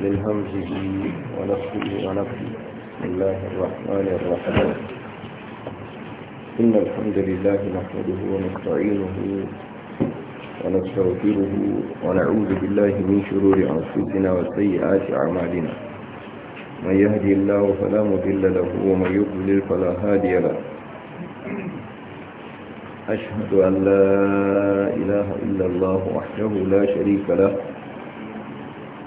للهمزه ونفسه ونفسه بسم الله الرحمن الرحيم إن الحمد لله نحمده ونستعينه ونستغفره ونعوذ بالله من شرور أنفسنا وسيئات أعمالنا من يهدي الله فلا مضل له ومن يضلل فلا هادي له أشهد أن لا إله إلا الله وحده لا شريك له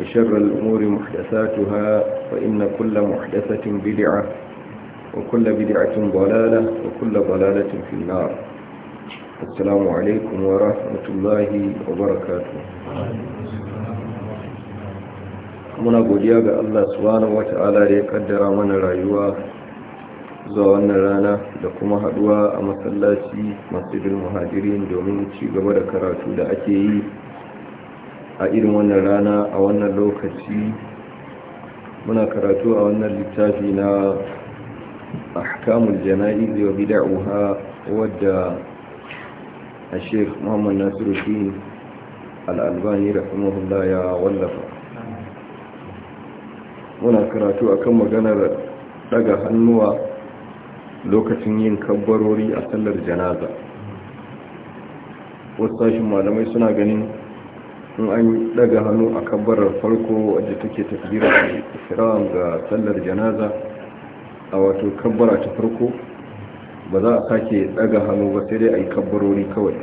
وشر الأمور محدثاتها فإن كل محدثة بدعة وكل بدعة ضلالة وكل ضلالة في النار السلام عليكم ورحمة الله وبركاته muna godiya ga Allah subhanahu wata'ala da ya kaddara mana rayuwa zuwa wannan rana da kuma haduwa a masallaci masjidul muhajirin domin ci gaba da karatu da ake yi a irin wannan rana a wannan lokaci muna karatu a wannan littafi na ahkamul jana'iz wa uha wadda a sheikh muhammad nasiruddin al-albani rahimahullah ya wallafa muna karatu a kan maganar daga hannuwa lokacin yin kabbarori a sallar janaza wasu tashin malamai suna ganin in an daga hannu a kabbarar farko wadda take takbirar islam ga sallar janaza a wato kabbara ta farko ba za a sake daga hannu ba sai dai a yi kabbarori kawai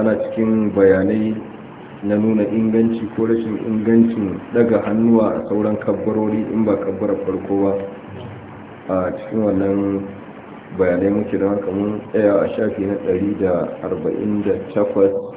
ana cikin bayanai na nuna inganci ko rashin ingancin daga hannuwa a sauran kabbarori in ba kabbarar farko ba a cikin wannan bayanai muke da haka mun tsaya a shafi na 148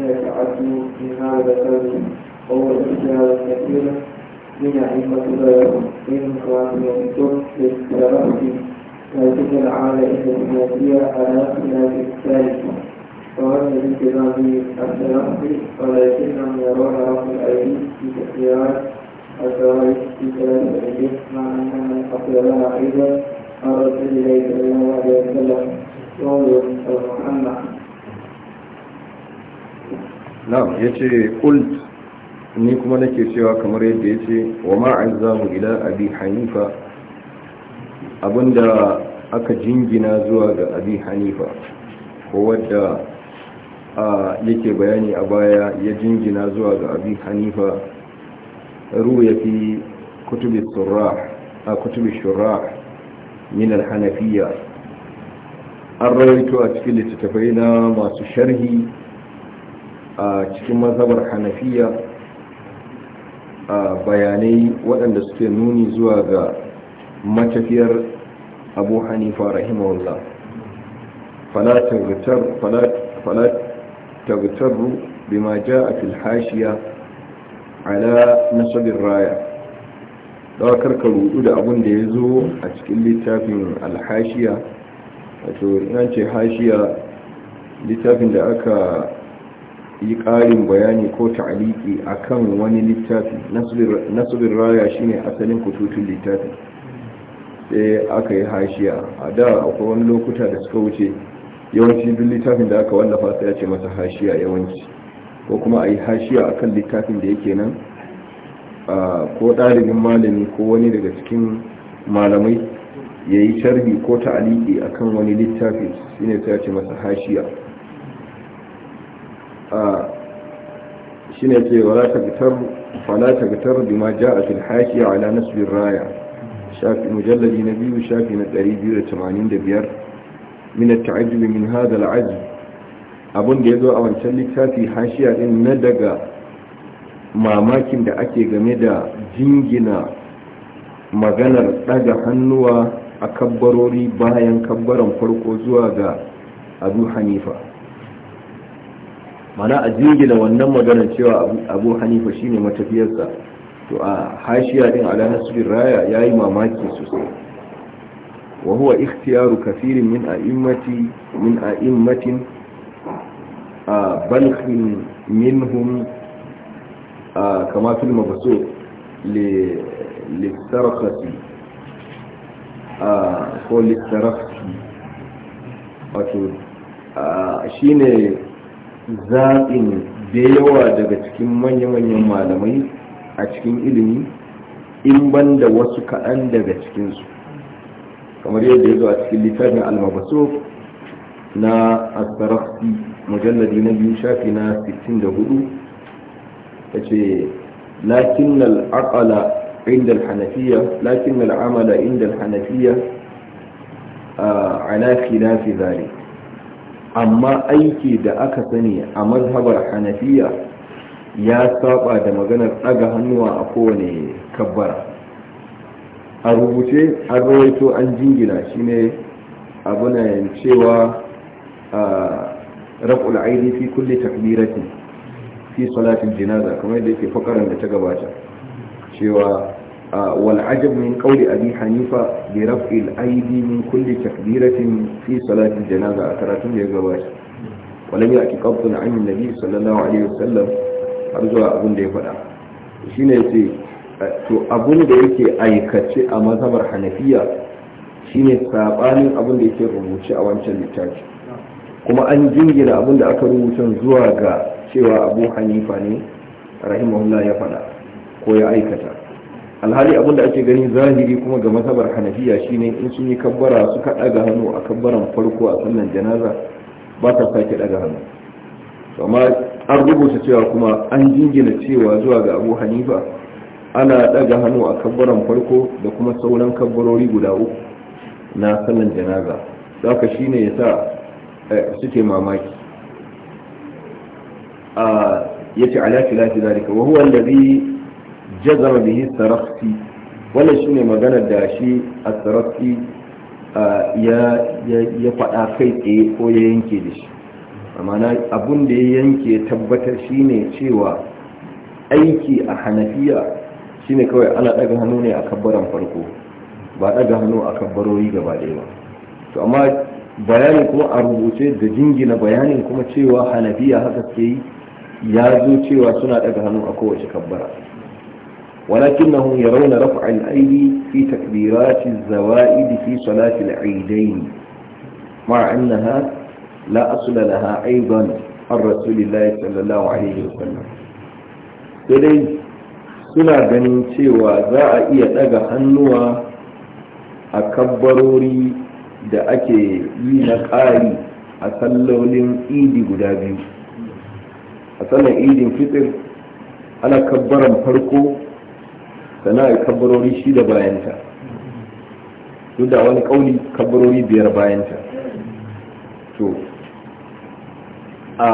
ذلك عدل من هذا الفرد وهو الاختيار الكثير من أئمة البلد من قوانين الطب للتلقي لكن العالة السياسية على خلاف ذلك وأن بانتظام التلقي ولكنهم يرون رفع الأيدي في تسييرات الجوائز في ثلاثة أيدي مع أن من حصل لها أيضا الرسول إليه صلى الله عليه وسلم قول محمد na'am yace kul ni kuma nake cewa kamar yadda yace wa ma mu ila abi hanifa abinda aka jingina zuwa ga abi hanifa ko wadda yake bayani a baya ya jingina zuwa ga abi hanifa ruwa fi kutubi surah a kutubi shurah min al-hanafiyya an rawaito a cikin littattafai na masu sharhi a cikin mazhabar hanafiya a bayanai waɗanda suke nuni zuwa ga matafiyar abu hanifa rahimahullah falatagutarru bima ja a filhashiya ala nasabin raya daukar ka rudu da abin da ya zo a cikin littafin alhashiya wato ina ce hashiya littafin da aka yi ƙarin bayani ko ta'aliki akan wani littafi nasibin raya shine asalin kututun littafi sai aka yi hashiya a da akwai wani lokuta da suka wuce yawanci duk littafin da aka wallafa sai ya ce masa hashiya yawanci ko kuma a yi hashiya kan littafin da yake nan ko ɗalibin malami ko wani daga cikin malamai ya yi sharhi ko ta'aliki akan wani littafi ne sai ya ce masa hashiya shi ne ce wala ta gitar bi ma ja'a fil ala nasbir raya shafi mujalladi na biyu shafi na 285 min at-ta'ajjub min hadha al-'ajb abun ya zo a wancan littafi hashiya din na daga mamakin da ake game da jingina maganar daga hannuwa a kabbarori bayan kabbaran farko zuwa ga abu hanifa mana a jingina wannan maganar cewa abu hanifa shine matafiyarsa to a hashiya din ala nasbir raya yayi mamaki sosai wa huwa ikhtiyaru kathirin min a'immati min a'immatin minhum kama fil mabsut li lisarqati ko lisarqati wato shine zaɓin da yawa daga cikin manya-manyan malamai a cikin ilimi in ban da wasu kaɗan daga cikinsu kamar yadda ya zo a cikin littafin almabaso na asarafi mujalladi na biyu shafi na 64 ta ce lakin al'aƙala عند inda لكن A عند fi على amma aiki da aka sani a mazhabar hanafiya ya saba da maganar ɗaga hannuwa a kowane kabbara a rubuce an rawaito an jingina shine abunan cewa raf'ul aini fi kulle takbiratin fi salatin jinaza kamar da yake fakarar da ta gabata cewa a من قول أبي حنيفة برفع الأيدي من كل تكبيرة في صلاة الجنازة أثرات يقواش ولم يأتي قبض عن النبي صلى الله عليه وسلم أرجو أبن دي فلا شين يتي to abun da yake aikace a mazhabar hanafiya shine saɓanin abun da yake rubuce a wancan littafi kuma an jingina abun da aka rubuta zuwa ga cewa abu hanifa ne rahimahullah ya faɗa ko ya aikata alhali abinda ake gani zahiri kuma ga masabar hanafiya shine in sun yi kabbara suka daga hannu a kabbaran farko a sannan janaza ba ta sake daga hannu amma an rubuta cewa kuma an jingina cewa zuwa ga abu hanifa ana daga hannu a kabbaran farko da kuma sauran kabbarori guda uku na sannan janaza haka shine ya sa eh, suke mamaki a ah, yace ala lafi zalika wa huwa alladhi jazama bihi sarafti wannan shine magana da shi a sarafti ya faɗa kai tsaye ko ya yanke da shi na abun da ya yanke tabbatar shine cewa aiki a hanafiya shine kawai ana ɗaga hannu ne a kabbaran farko ba ɗaga hannu a kabbarori gaba ɗaya ba to amma bayani kuma a rubuce da jingina bayanin kuma cewa hanafiya haka ke yi ya zo cewa suna ɗaga hannu a kowace kabbara ولكنهم يرون رفع الأيدي في تكبيرات الزوائد في صلاة العيدين مع أنها لا أصل لها أيضا عن رسول الله صلى الله عليه وسلم إذن سنة جنين سوى ذا إيا أغا حنوى أكبروري da ake yi na ƙari a sallolin idi guda biyu a sallan idin fitir ana kabbaran farko sannan a kabbarori shida bayanta duk da wani kauli kabbarori biyar bayanta to a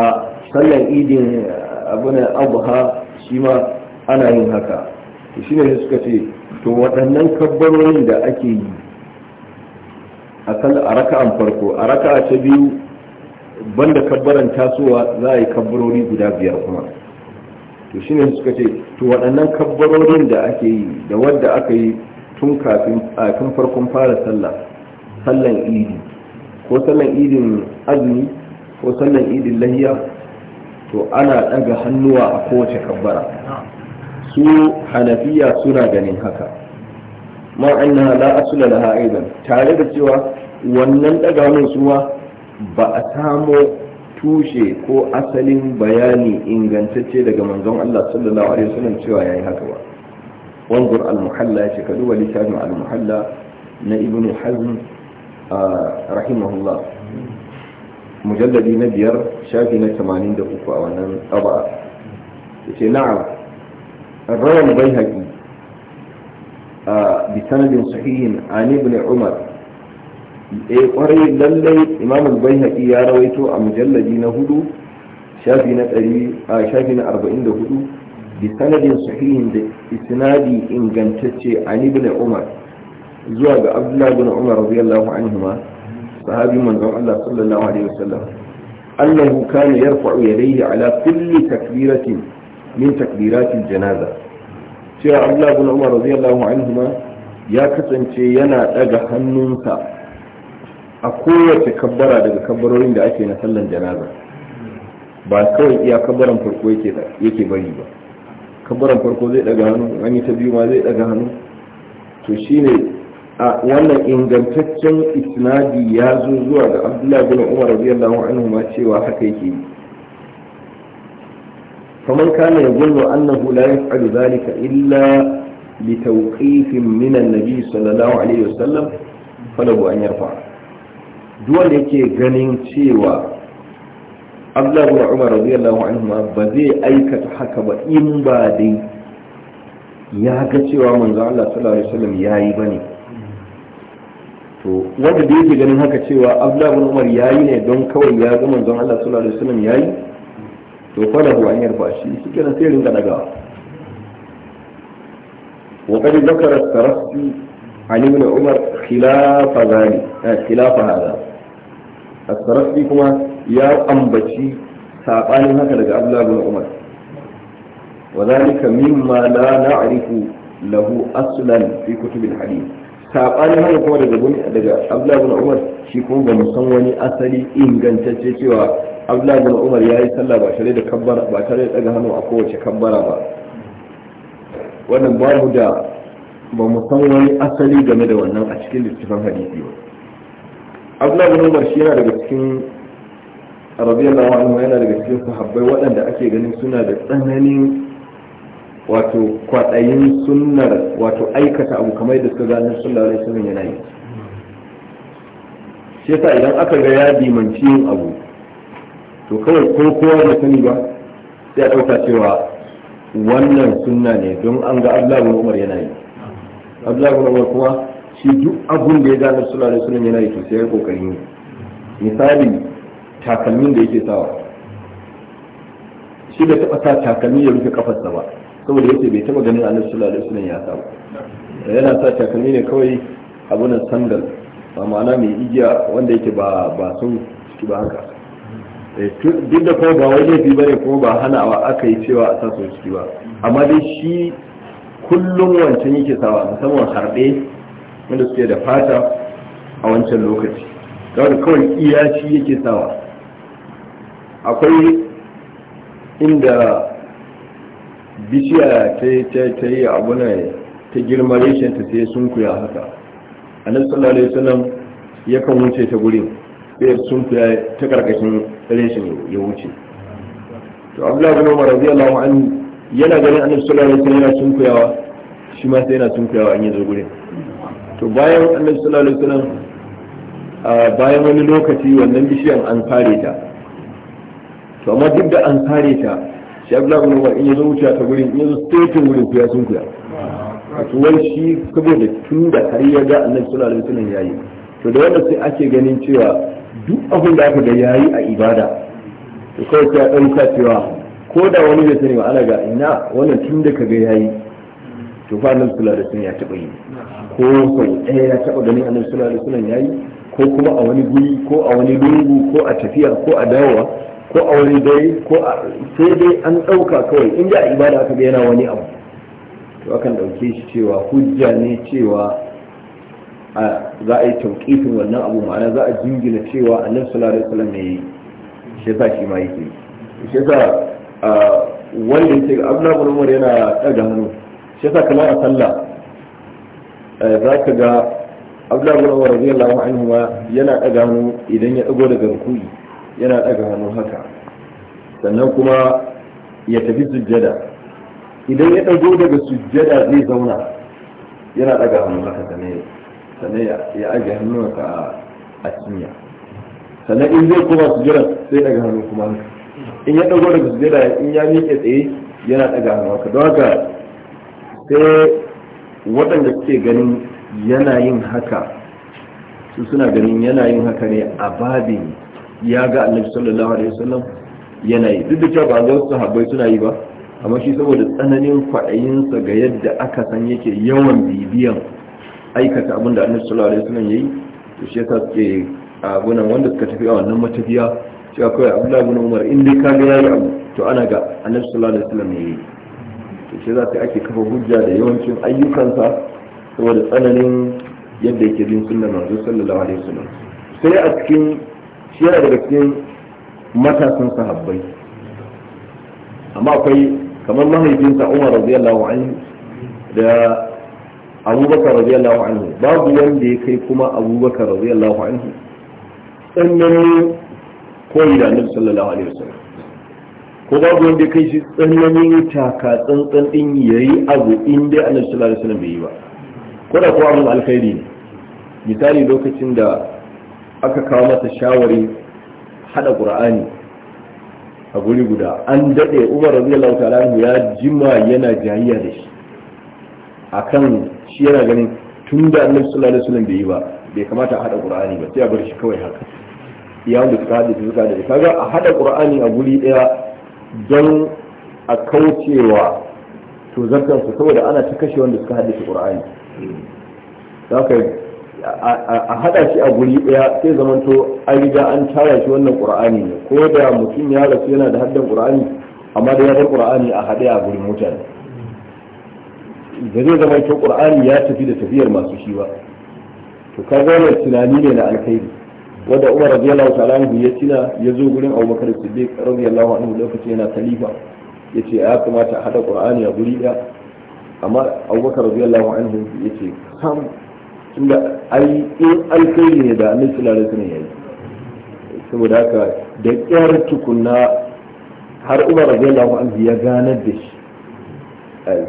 sallan idin abunan abuha shi ma ana yin haka to shi ne suka ce to waɗannan kabbarorin da ake yi a raka'an farko a raka'a ta biyu banda kabbaran tasowa za a yi kabbarori guda biyar kuma to shine suka ce to waɗannan kabbarorin da ake yi da wadda aka yi tun kafin a farkon fara sallah sallan idi ko sallan idin azumi ko sallan idin lahiya to ana ɗaga hannuwa a kowace kabbara su hanafiya suna ganin haka ma annaha la asula laha aidan tare da cewa wannan ɗaga suwa ba a samo tushe ko asalin bayani ingantacce daga manzon Allah sallallahu alaihi wasallam cewa yayi haka ba wanzur al-muhalla yace kadu wa littafin al-muhalla na ibn hazm rahimahullah mujalladi na biyar shafi na 83 a wannan tsaba yace na'am rawan bayhaqi a sanadin sahihin an ibn umar eh kwarai lallai imam al-baihaqi ya rawaito a mujalladi na hudu shafi na arba'in da hudu bi sanadin sahihin da isnadi ingantacce an ibn umar zuwa ga abdullahi bin umar radiyallahu anhuma sahabi manzon Allah sallallahu alaihi wasallam annahu kana yarfa'u yadayhi ala kulli takbiratin min takbiratil janaza cewa abdullahi bin umar radiyallahu anhuma ya kasance yana daga hannunsa a kowace kabbara daga kabbarorin da ake na sallan janaza ba kawai iya kabbaran farko yake bari ba kabbaran farko zai daga hannu an yi ta biyu ma zai daga hannu to shine a wannan ingantaccen isnadi ya zo zuwa ga abdullahi bin umar radiyallahu anhu ma cewa haka yake yi faman kana yazunnu annahu la yaf'alu zalika illa li tawqifin min an-nabi sallallahu alaihi wasallam falahu an yarfa'a duwanda yake ganin cewa abdullahi bin umar radiyallahu anhu ba zai aikata haka ba in ba dai ya ga cewa manzo Allah sallallahu alaihi wasallam yayi bane to wanda da yake ganin haka cewa abdullahi bin umar yayi ne don kawai ya ga manzo Allah sallallahu alaihi wasallam yayi to fara hu an yarfa shi shi kenan sai ringa dagawa وقد ذكر الترسي عن ابن عمر خلاف ذلك خلاف هذا as kuma ya ambaci sabanin haka daga abdullah bin umar wa zalika mimma la na'rifu lahu aslan fi kutub al-hadith sabanin haka kuma daga daga abdullah bin umar shi kuma ba san wani asali ingantacce cewa abdullah bin umar yayi sallah ba tare da kabbara ba tare da daga hannu a kowace kabbara ba wannan babu da ba mu san wani asali game da wannan a cikin littafin hadisi ba abdullahi bin umar shi yana daga cikin radiyallahu anhu yana daga cikin sahabbai waɗanda ake ganin suna da tsananin wato kwaɗayin sunnar wato aikata abu kamar da suka gani sallallahu alaihi wasallam yana yi shi yasa idan aka ga ya dimanci yin abu to kawai ko kowa ya sani ba sai a ɗauka cewa wannan sunna ne don an ga abdullahi bin umar yana yi abdullahi bin umar kuma shi duk abun da ya gane yana yi sai ya kokari ne misali takalmin da yake sawa shi bai taba sa takalmi ya rufe kafarsa ba saboda yace bai taba ganin annabi sallallahu alaihi ya sa ba yana sa takalmi ne kawai abunan sandal ba ma'ana mai igiya wanda yake ba ba sun ciki ba haka eh, duk da kuma ba wai laifi bane kuma ba hanawa aka yi cewa a sa su ciki ba amma dai shi kullum wancan yake sawa musamman harɗe wanda suke da fata a wancan lokaci kawai kawai iya shi yake sawa akwai inda bishiya ta yi abuna ta girma reshenta sai sun kuya haka nan sallallahu alaihi wasallam kan wuce ta gurin sai sun kuya ta karkashin reshen ya wuce to abdullahi bin umar radiyallahu anhu yana ganin annabi sallallahu alaihi wasallam yana sunkuyawa shi ma sai yana sunkuyawa an yi zo gurin to bayan annabi sallallahu alaihi wasallam bayan wani lokaci wannan bishiyan an kare ta to amma duk da an kare ta shi abdullahi ibn umar in yazo wuce ta gurin in yazo statin gurin kuya sun kuya to wai shi da tun da har ya ga annabi sallallahu alaihi wasallam yayi to da wanda sai ake ganin cewa duk abin da aka ga yayi a ibada to kawai sai ya dauka cewa ko da wani bai sani ba ana ga ina wannan tun da ka ga yayi to fa annabi sallallahu alaihi wasallam ya taba yi ko sau ɗaya ya taba ganin annabi sallallahu alaihi wasallam yayi ko kuma a wani guri ko a wani lungu ko a tafiya ko a dawowa ko a wani dare ko sai dai an ɗauka kawai in a ibada aka ga yana wani abu to akan ɗauke shi cewa hujja ne cewa za a yi tauƙifin wannan abu ma'ana za a jingina cewa a nan alaihi wasallam ya yi shi yasa shi ma yake shi yasa wanda yake abu na Umar yana ɗaga hannu shi yasa kamar a sallah eh, za ka ga abdullahi bin umar radiyallahu anhu ma yana daga hannu idan ya dago daga rukui yana daga hannu haka sannan kuma ya tafi sujjada idan ya dago daga sujjada zai zauna yana daga hannu haka sannan sannan ya aje hannunsa a cinya sannan in zai koma sujjada sai daga hannu kuma haka in ya dago daga sujjada in ya miƙe tsaye yana daga hannu haka don haka sai waɗanda ke ganin yanayin haka su suna ganin yanayin haka ne a babin ya ga annabi sallallahu alaihi wasallam yanayi duk da cewa ba ga wasu habbai suna yi ba amma shi saboda tsananin sa ga yadda aka san yake yawan bibiyan aikata abin da annabi sallallahu alaihi wasallam yayi to shi yasa suke gunan wanda suka tafi a wannan matafiya cewa kawai abdullahi bin umar in dai ka ga yayi abu to ana ga annabi sallallahu alaihi wasallam yayi to shi za ta ake kafa hujja da yawancin ayyukansa saboda tsananin yadda yake bin sunnar manzo sallallahu alaihi wasallam sai a cikin shi yana daga cikin matasan sahabbai amma akwai kamar mahaifinsa Umar radiyallahu anhu da Abubakar radiyallahu anhu babu wanda ya kai kuma Abubakar radiyallahu anhu sannan koyi da Annabi sallallahu alaihi wasallam ko babu wanda kai shi tsananin taka tsantsan din yayi abu inda annabi sallallahu alaihi wasallam bai yi ba ko da ko abin alkhairi ne misali lokacin da aka kawo masa shawari hada qur'ani a guri guda an dade Umar radiyallahu ta'ala ya jima yana jayayya da shi akan shi yana ganin tun da annabi sallallahu alaihi wasallam bai yi ba bai kamata a hada qur'ani ba sai a bar shi kawai haka iya wanda suka hada suka hada kaga a hada qur'ani a guri daya don a kaucewa to zartansu saboda ana ta kashe wanda suka ƙur'ani. Za haka a hada shi a guri ɗaya, sai zamanto an riga an tara shi wannan ƙur'ani ne ko da mutum ya rasu yana da haddan ƙur'ani, amma da ya bar a haɗe a gurin mutane da zai zama to ƙur'ani ya tafi da tafiyar masu shi ba to ka zama tunani ne na alkhairi wadda Umar radiyallahu ta'ala anhu ya tina ya zo gurin Abu Bakar Siddiq radiyallahu anhu lokacin yana khalifa yace ya kamata a hada Qur'ani a guri daya amma Abu Bakar radiyallahu anhu yace sam tunda ai in alkai ne da Annabi sallallahu alaihi wasallam yayi saboda haka da kyar tukunna har Umar radiyallahu anhu ya ganar da shi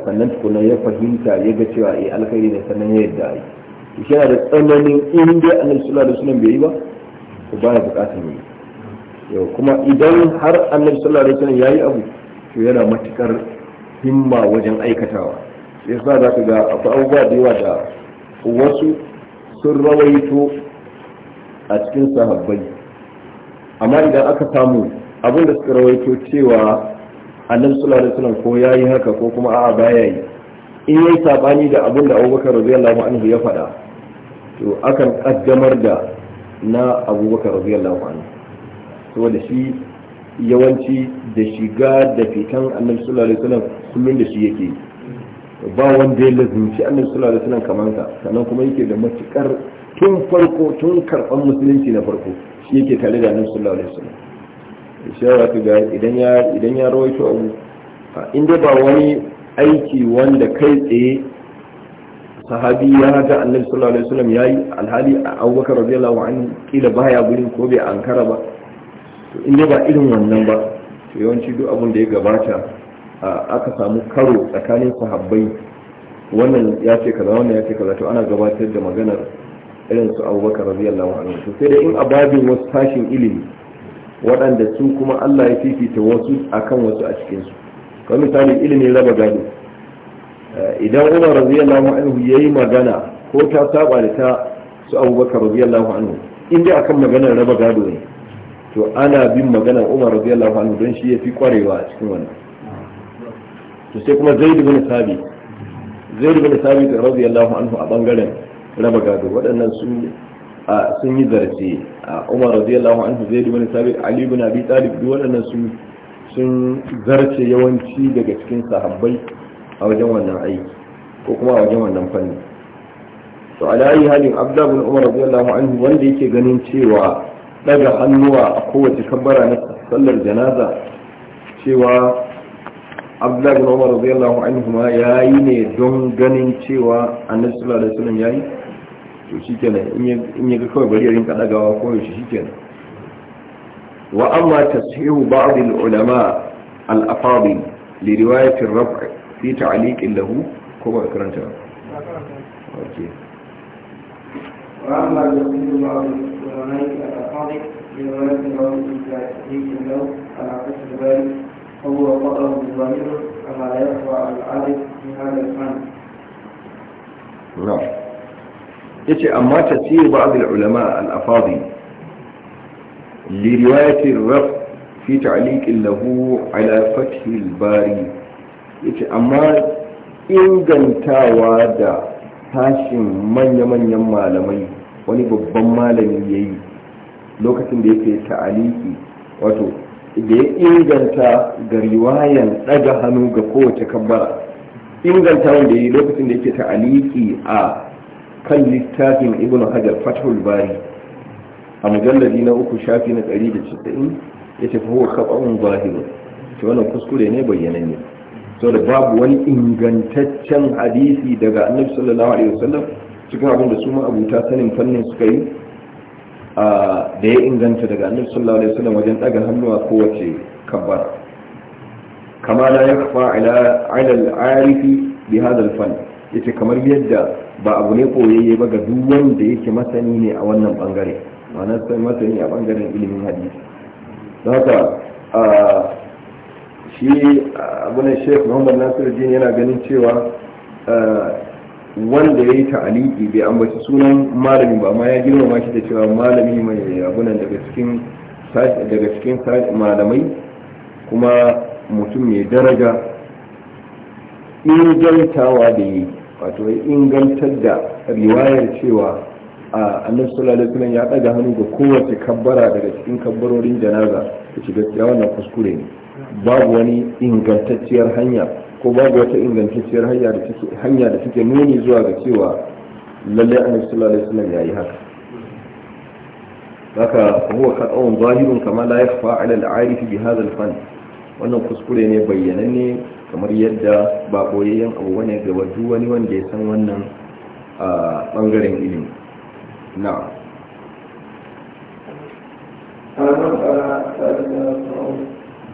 sannan tukuna ya fahimta ya ga cewa eh alkhairi ne sannan ya yadda ai shi yana da tsananin in dai annabi sallallahu alaihi wasallam bai yi ba ba baya bukatar yi yau kuma idan har annabi sallallahu alaihi wasallam yayi abu to yana matukar himma wajen aikatawa sai yasa za ka ga akwai abubuwa da yawa da wasu sun rawaito a cikin sahabbai amma idan aka samu abin da suka rawaito cewa annabi sallallahu alaihi wasallam ko yayi haka ko kuma a'a baya yi in yayi sabani da abin da Abubakar radiyallahu anhu ya faɗa to akan kaddamar da na abubakar radiyallahu anhu saboda shi yawanci da shiga da fitan annabi sallallahu alaihi wasallam kullun da shi yake ba wanda ya lazimci annabi sallallahu alaihi wasallam kaman sa sannan kuma yake da matukar tun farko tun karban musulunci na farko shi yake tare da annabi sallallahu alaihi wasallam shawara ka ga idan ya idan ya rawaito abu in dai ba wani aiki wanda kai tsaye sahabi ya ga annabi sallallahu alaihi wasallam yayi alhali abubakar radiyallahu anhu kila baya gurin ko bai ankara ba to in dai ba irin wannan ba to yawanci duk abin da ya gabata aka samu karo tsakanin sahabbai wannan ya ce kaza wannan ya ce kaza to ana gabatar da maganar irin su abubakar radiyallahu anhu to sai dai in ababin wasu tashin ilimi waɗanda su kuma Allah ya fifita wasu akan wasu a cikin su kamar misali ilimin raba gado idan umar radiyallahu anhu yayi magana ko ta saba da ta su abubakar radiyallahu anhu in dai akan maganar raba gado ne to ana bin maganar umar radiyallahu anhu don shi yafi kwarewa a cikin wannan to sai kuma zaid ibn sabi zaid ibn sabi radiyallahu anhu a bangaren raba gado waɗannan sun sun yi zarce a umar radiyallahu anhu zaid ibn sabi ali ibn abi talib duk waɗannan sun sun zarce yawanci daga cikin sahabbai a wajen wannan aiki ko kuma a wajen wannan fanni to a layi halin abdullahi bin umar radiyallahu anhu wanda yake ganin cewa daga hannuwa a kowace kabbara na sallar janaza cewa abdullahi bin umar radiyallahu anhu ma yayi ne don ganin cewa annabi sallallahu alaihi wasallam yayi to shikenan in ya ga kawai bari ya rinka dagawa ko yaushe shikenan wa amma tashihu ba'd al-ulama al-afadil li riwayat ar-raf' في تعليق له كما كرنت اوكي okay وأما يقول الله وليك الصادق لولد رب الكريم له على فهو لا يخفى على في هذا الفن. نعم. يتي أما تسير بعض العلماء الأفاضل لرواية الرفض في تعليق له على فتح الباري yace amma ingantawa da tashin manya-manyan malamai wani babban malami ya yi lokacin da yake ta'aliki wato da ya inganta ga riwayan daga hannu ga kowace kabbara inganta wanda ya yi lokacin da yake ta'aliki a kan littafin ibn hajar fathul bari a mujalladi na uku shafi na 190 ya tafi fa huwa khaba'un zahirun to wannan kuskure ne bayyana ne saboda babu wani ingantaccen hadisi daga annabi sallallahu alaihi wasallam cikin abin da su ma abuta sanin fannin suka yi da ya inganta daga annabi sallallahu alaihi wasallam wajen daga hannuwa kowace kabbar kama la yakfa ala al-arifi bi hadal al-fan yace kamar yadda ba abu ne koyayye ba ga duk wanda yake masani ne a wannan bangare ma'ana sai masani a bangaren ilimin hadisi haka shi uh, ne sheikh muhammad nasiruddin yana ganin cewa uh, wanda ya yi ta'aliki bai ambaci sunan malami ba amma ya girmama shi da cewa malami mai abu daga daga cikin malamai kuma mutum mai daraja ingantawa da yi wato ya ingantar da riwayar cewa a uh, annabi alaihi ya daga hannu ga kowace kabbara daga cikin kabbarorin janaza ta gaskiya wannan kuskure ne babu wani ingantacciyar hanya ko babu wata ingantacciyar hanya da take nuni zuwa ga cewa lalle annabi sallallahu alaihi wasallam yayi haka haka huwa qat'un zahirun kama la yakhfa 'ala al-'arif bi hadha al-fan wannan kuskure ne bayyananne kamar yadda ba boyayyen abu bane ga duk wani wanda ya san wannan a bangaren ilimi na'am أنا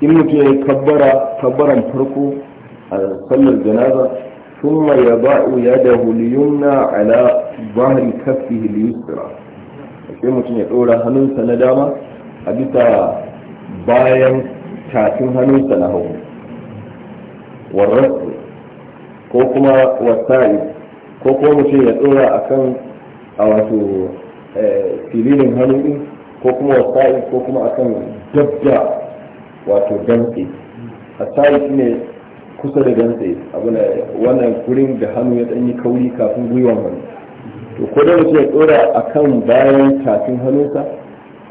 in mutum ya yi kabbaran farko a sallar janaza ya da huliyunna ala على ظهر كفه اليسرى sai mutum ya ɗora hannunsa na dama a bisa bayan tafin hannunsa na hagu warrasu ko kuma wasa'i ko kuma mutum ya ɗora a kan a wato eh, filinin hannun ko kuma wasa'i ko kuma akan dabda wato dantse a sayi shine kusa da dantse abuna wannan gurin da hannu ya danyi kauri kafin gwiwan hannu to ko da mutum ya a kan bayan tafin hannunsa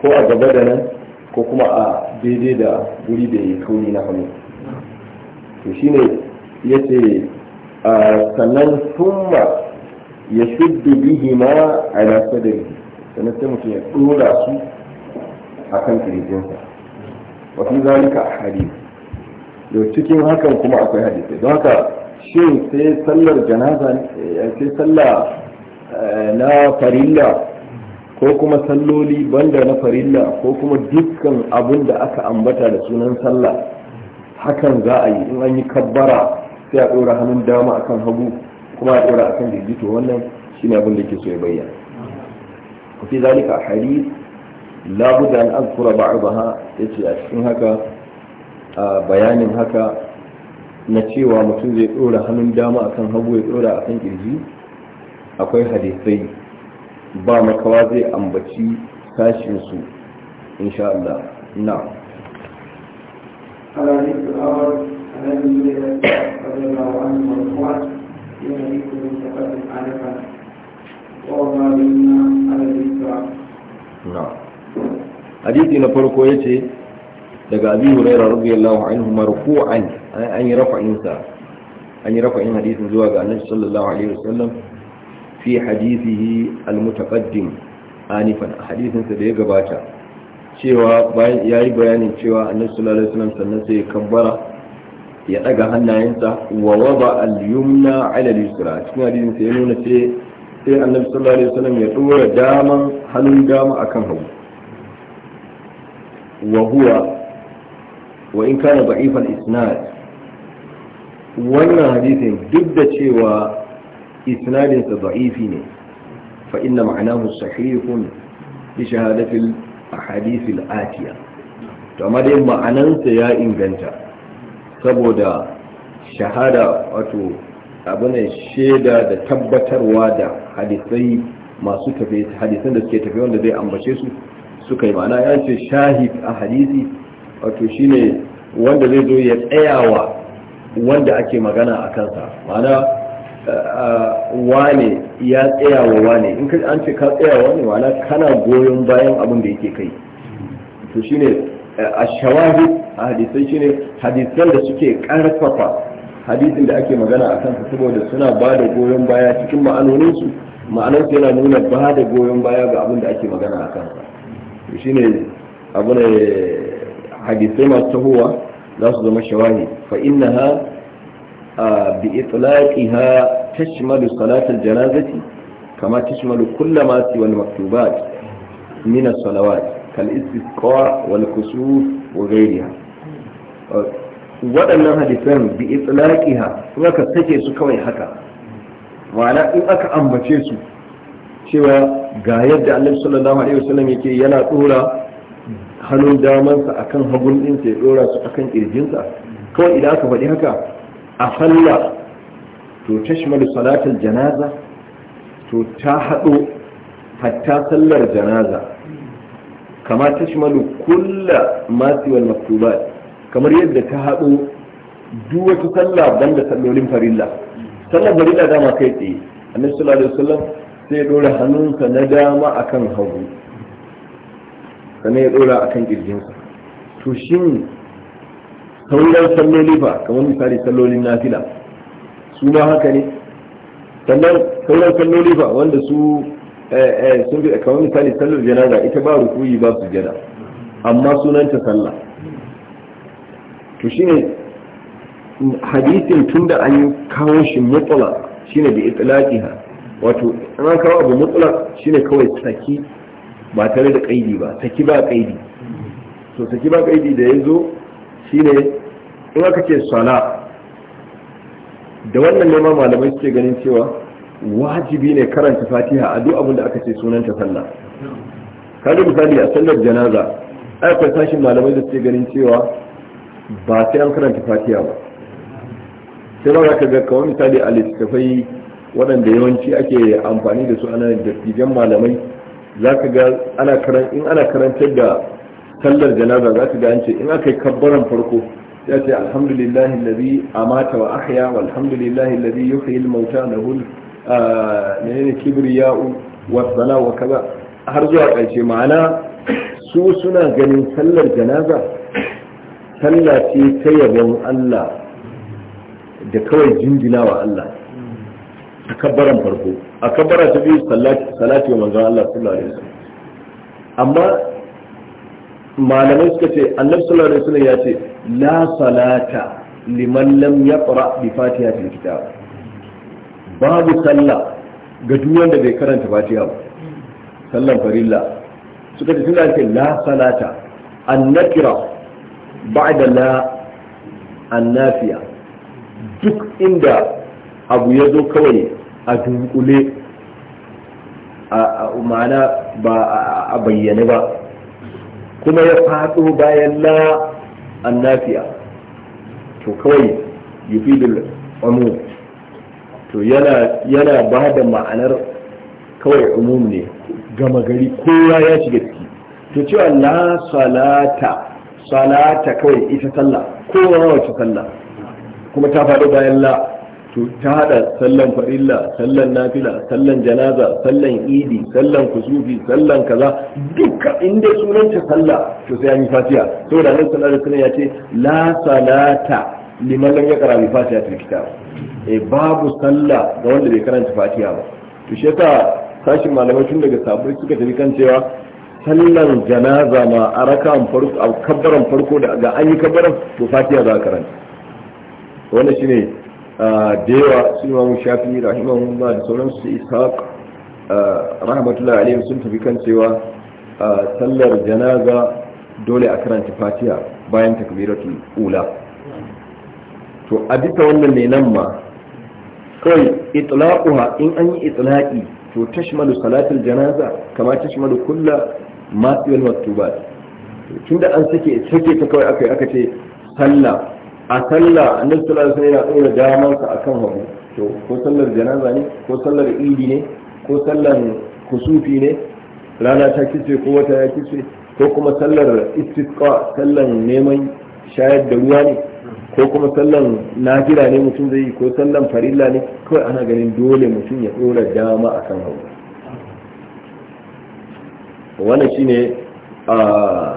ko a gaba da nan ko kuma a daidai da guri da ya kauri na hannu to shine yace sannan summa ya shuddu bihi ma ala sadari sannan sai mutum ya ɗora su a kan kirjinsa wa fi zalika hadith yau cikin hakan kuma akwai hadisi don haka shin sai sallar janaza eh, sai sallah eh, na farilla ko kuma salloli banda na farilla ko kuma dukkan abin da aka ambata da sunan sallah hakan za a yi in an yi kabbara sai a ɗora hannun dama akan hagu kuma a ɗora akan to wannan shine abin da ke so ya bayyana fi zalika hadith labuda an azkura ba'daha yace a cikin haka a bayanin haka na cewa mutum zai dora hannun dama akan hagu ya dora akan kirji akwai hadisai ba makawa zai ambaci sashinsu su insha Allah na الحديث hadisi na farko ya ce daga abi huraira radiyallahu anhu marfu'an an yi rafa'in sa an yi rafa'in hadisin zuwa ga annabi sallallahu alaihi wasallam fi hadisihi al-mutaqaddim anifan hadisin sa da ya gabata cewa bayan yayi bayanin cewa annabi sallallahu alaihi wasallam sannan sai ya kabbara ya daga hannayensa wa wada al-yumna ala al-yusra cikin hadisin sai ya nuna sai sai annabi sallallahu alaihi wasallam ya dora daman hannun dama akan hagu Wahuwa huwa wa in wannan hadisin duk da cewa isnadin sa da'ifi ne fa inna ma'anahu sahihun bi shahadatil ahadith atiya to amma dai ma'anansa ya inganta saboda shahada wato abin shaida da tabbatarwa da hadisai masu tafe hadisan da suke tafi wanda zai ambace su suka yi ma'ana ya ce shahid a hadisi wato shine wanda zai zo ya tsayawa wanda ake magana a kansa ma'ana wane ya tsayawa wane in ka an ce ka tsayawa ne ma'ana kana goyon bayan abin da yake kai to shine a shawahid a hadisai shine hadisan da suke karfafa hadisin da ake magana a kansa saboda suna ba da goyon baya cikin ma'anoninsu ma'anarsu yana nuna ba da goyon baya ga abin da ake magana a kansa shi ne abu hadisai masu tahowa za su zama shawahi fa inna bi itlaqi ha tashmalu salatul janazati kama tashmalu kulla ma si wal maktubat min as-salawat kal istisqa wal kusuf wa ghayriha waɗannan hadisan bi itlaqiha in aka sake su kawai haka ma'ana in aka ambace su cewa ga yadda annabi sallallahu alaihi wasallam yake yana dora hannun damansa akan hagun din sai dora su akan kirjinsa kawai idan aka faɗi haka a salla to tashmalu salatul janaza to ta haɗo hatta sallar janaza kama tashmalu kulla ma wal maktubat kamar yadda ta haɗo duk wata sallah banda sallolin farilla sallar farilla dama kai tsaye annabi sallallahu alaihi wasallam sai ya dora hannunsa na dama akan hagu sannan ya dora akan kirjinsa to shin sauran salloli fa kamar misali sallolin nafila su ma haka ne sannan sauran salloli fa wanda su eh, eh, sun fi kamar misali sallar janaza ita ba rukuyi ba su jana amma sunanta sallah to shi ne hadisin da an yi kawo shi shi ne da ha wato an kawo abu Shi shine kawai saki ba tare da kaidi ba saki ba kaidi to saki ba kaidi da yazo shine in aka ce sala da wannan ne ma malamai suke ganin cewa wajibi ne karanta fatiha a duk abin da aka ce sunanta sallah kaga misali a sallar janaza ai akwai sashin malamai da suke ganin cewa ba sai an karanta fatiha ba sai ba ka ga kawai misali a littattafai waɗanda yawanci ake amfani da su ana dattijan malamai za ka ga ana karan in ana karantar da sallar janaza za ka ga an ce in aka yi kabbaran farko ya ce alhamdulillahi alladhi amata wa ahya walhamdulillahi alladhi yuhyi al-mauta lahu menene kibriya'u wa sala wa kaza har zuwa ƙarshe ma'ana su suna ganin sallar janaza sallah ce ta yabon Allah da kawai jinjina wa Allah a kabbaran farko a kabbara ta biyu salati wa manzon Allah sallallahu alaihi wasallam amma malamai suka ce annabi sallallahu alaihi wasallam ya ce la salata liman lam yaqra bi fatihatil kitab babu sallah ga duk wanda bai karanta fatiha ba sallan farilla suka ce tunda ake la salata an annakira ba'da la nafiya. duk inda abu ya zo kawai a dunkule a ma'ana ba a bayyane ba kuma ya faɗo bayan la annafiya to kawai yufidul umum to yana ba da ma'anar kawai umum ne gama gari kowa ya shiga ciki to cewa la salata salata kawai ita sallah kowa wace sallah kuma ta faɗo bayan la to ta hada sallan farilla sallan nafila sallan janaza sallan idi sallan kusufi sallan kaza duka inda sunanta sallah to sai an yi fatiha saboda nan sallar da ya ce la salata liman lam yaqra bi fatiha til kitab e babu sallah ga wanda bai karanta fatiha ba to shi yasa sashin malamai tun daga sabai suka tafi kan cewa sallan janaza ma a farko a kabbaran farko da ga an yi kabbaran to fatiha za a karanta wannan shine Dewa, yawa su imamu shafi Allah da sauran su ishaq rahmatullahi alaihi sun tafi kan cewa sallar janaza dole a karanta fatiha bayan takbiratul ula to a duka wannan ne nan ma kawai itlaquha in an yi itlaqi to tashmalu salatul janaza kama tashmalu kulla ma siwal maktubat tunda an sake sake ta kawai akai aka ce sallah a sallah annabi sallallahu alaihi wasallam yana tsora ka akan hagu to ko sallar janaza ne ko sallar idi ne ko sallar kusufi ne rana ta kice ko wata ya kice ko kuma sallar istiqa sallar neman shayar da ruwa ne ko kuma sallan nafila ne mutum zai yi ko sallan farilla ne kawai ana ganin dole mutum ya dora dama a kan hagu wannan shine a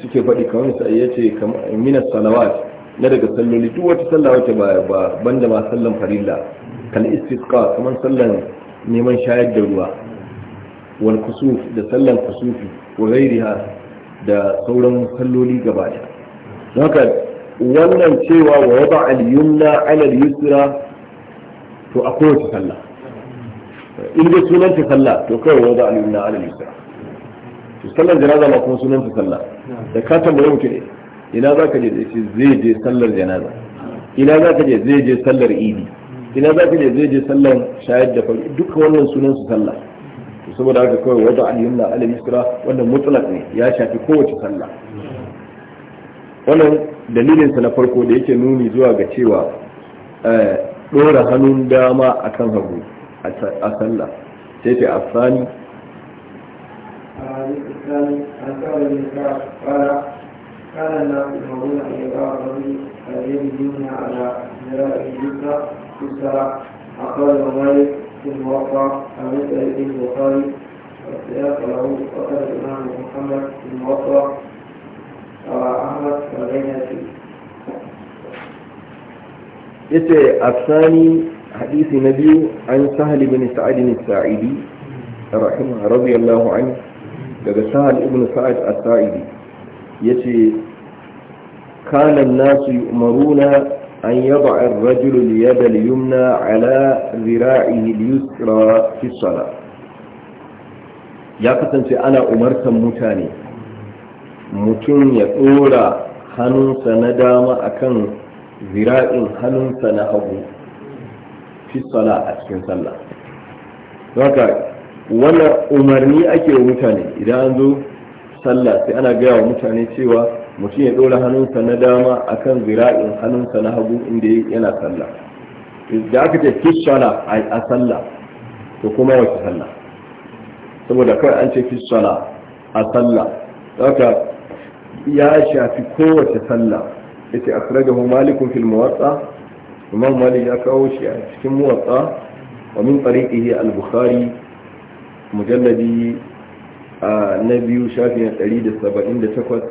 suke faɗi kamar sa ya ce minas salawat na daga salloli duk wata sallah wacce ba ba banda ma sallan farilla kal istisqa kamar sallan neman shayar da ruwa wal kusuf da sallan kusufi wa ghairiha da sauran salloli gaba da haka wannan cewa wa wada al yumna ala al yusra to akwai wata sallah in dai sunanta sallah to kai wa wada al yumna ala al yusra to sallar janaza ma kuma sunan sallah da ka tambaye ne, ina za ka je zai je sallar janaza ina za ka je zai je sallar idi ina za ka je zai je sallar shayar da fari duka wannan sunan su sallah to saboda haka kawai wata al-yumna al-yusra wannan mutlaq ne ya shafi kowace sallah wannan dalilin sa na farko da yake nuni zuwa ga cewa dora eh, hannun dama akan hagu a sallah sai ta asani عن الإسلام عن سعد بن كعب قال كان الناس يمرون أن يضع الرجل اليد اليمنى على ذراع اليسرى في الصلاة أقال مالك في الموقع عن طريق البخاري والسياق له وقال الإمام محمد في الموقع أحمد والعيناتي يتي الثاني حديث نبي عن سهل بن سعد الساعدي رحمه رضي الله عنه daga sahal ibn sa'ad as-sa'idi yace kana an-nasu yu'maruna an yad'a ar-rajulu liyada al-yumna ala zira'ihi al-yusra fi salat ya kasance ana umartan mutane mutum ya dora hannunsa na dama akan zira'in hannunsa na hagu fi salat a cikin sallah wannan umarni ake wa mutane idan an zo sallah sai ana gaya wa mutane cewa mutum ya ɗora hannunsa na dama akan zira'in hannunsa na hagu inda yana sallah da aka ce fi a sallah to kuma wace sallah saboda kawai an ce fi a sallah ya shafi kowace sallah yace akhrajahu malikun fil muwatta imam malik ya kawo shi a cikin muwatta wa min tariqihi al-bukhari mujalladi na biyu shafi na 178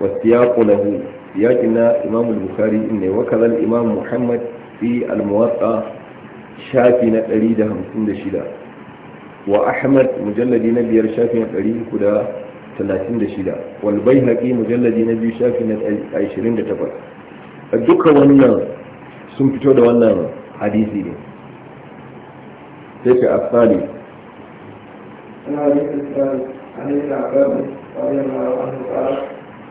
wasu ya ƙulahu yaƙi na imam bukari ne wa kazal imam muhammad fi almuwatsa shafi na 156 wa ahmad mujalladi na biyar shafi na 336 walbai haƙi mujalladi na biyu shafi na 28 duka wannan sun fito da wannan hadisi ne sai ka asali كما ذكر الثاني عن ابن عباس رضي الله عنه قال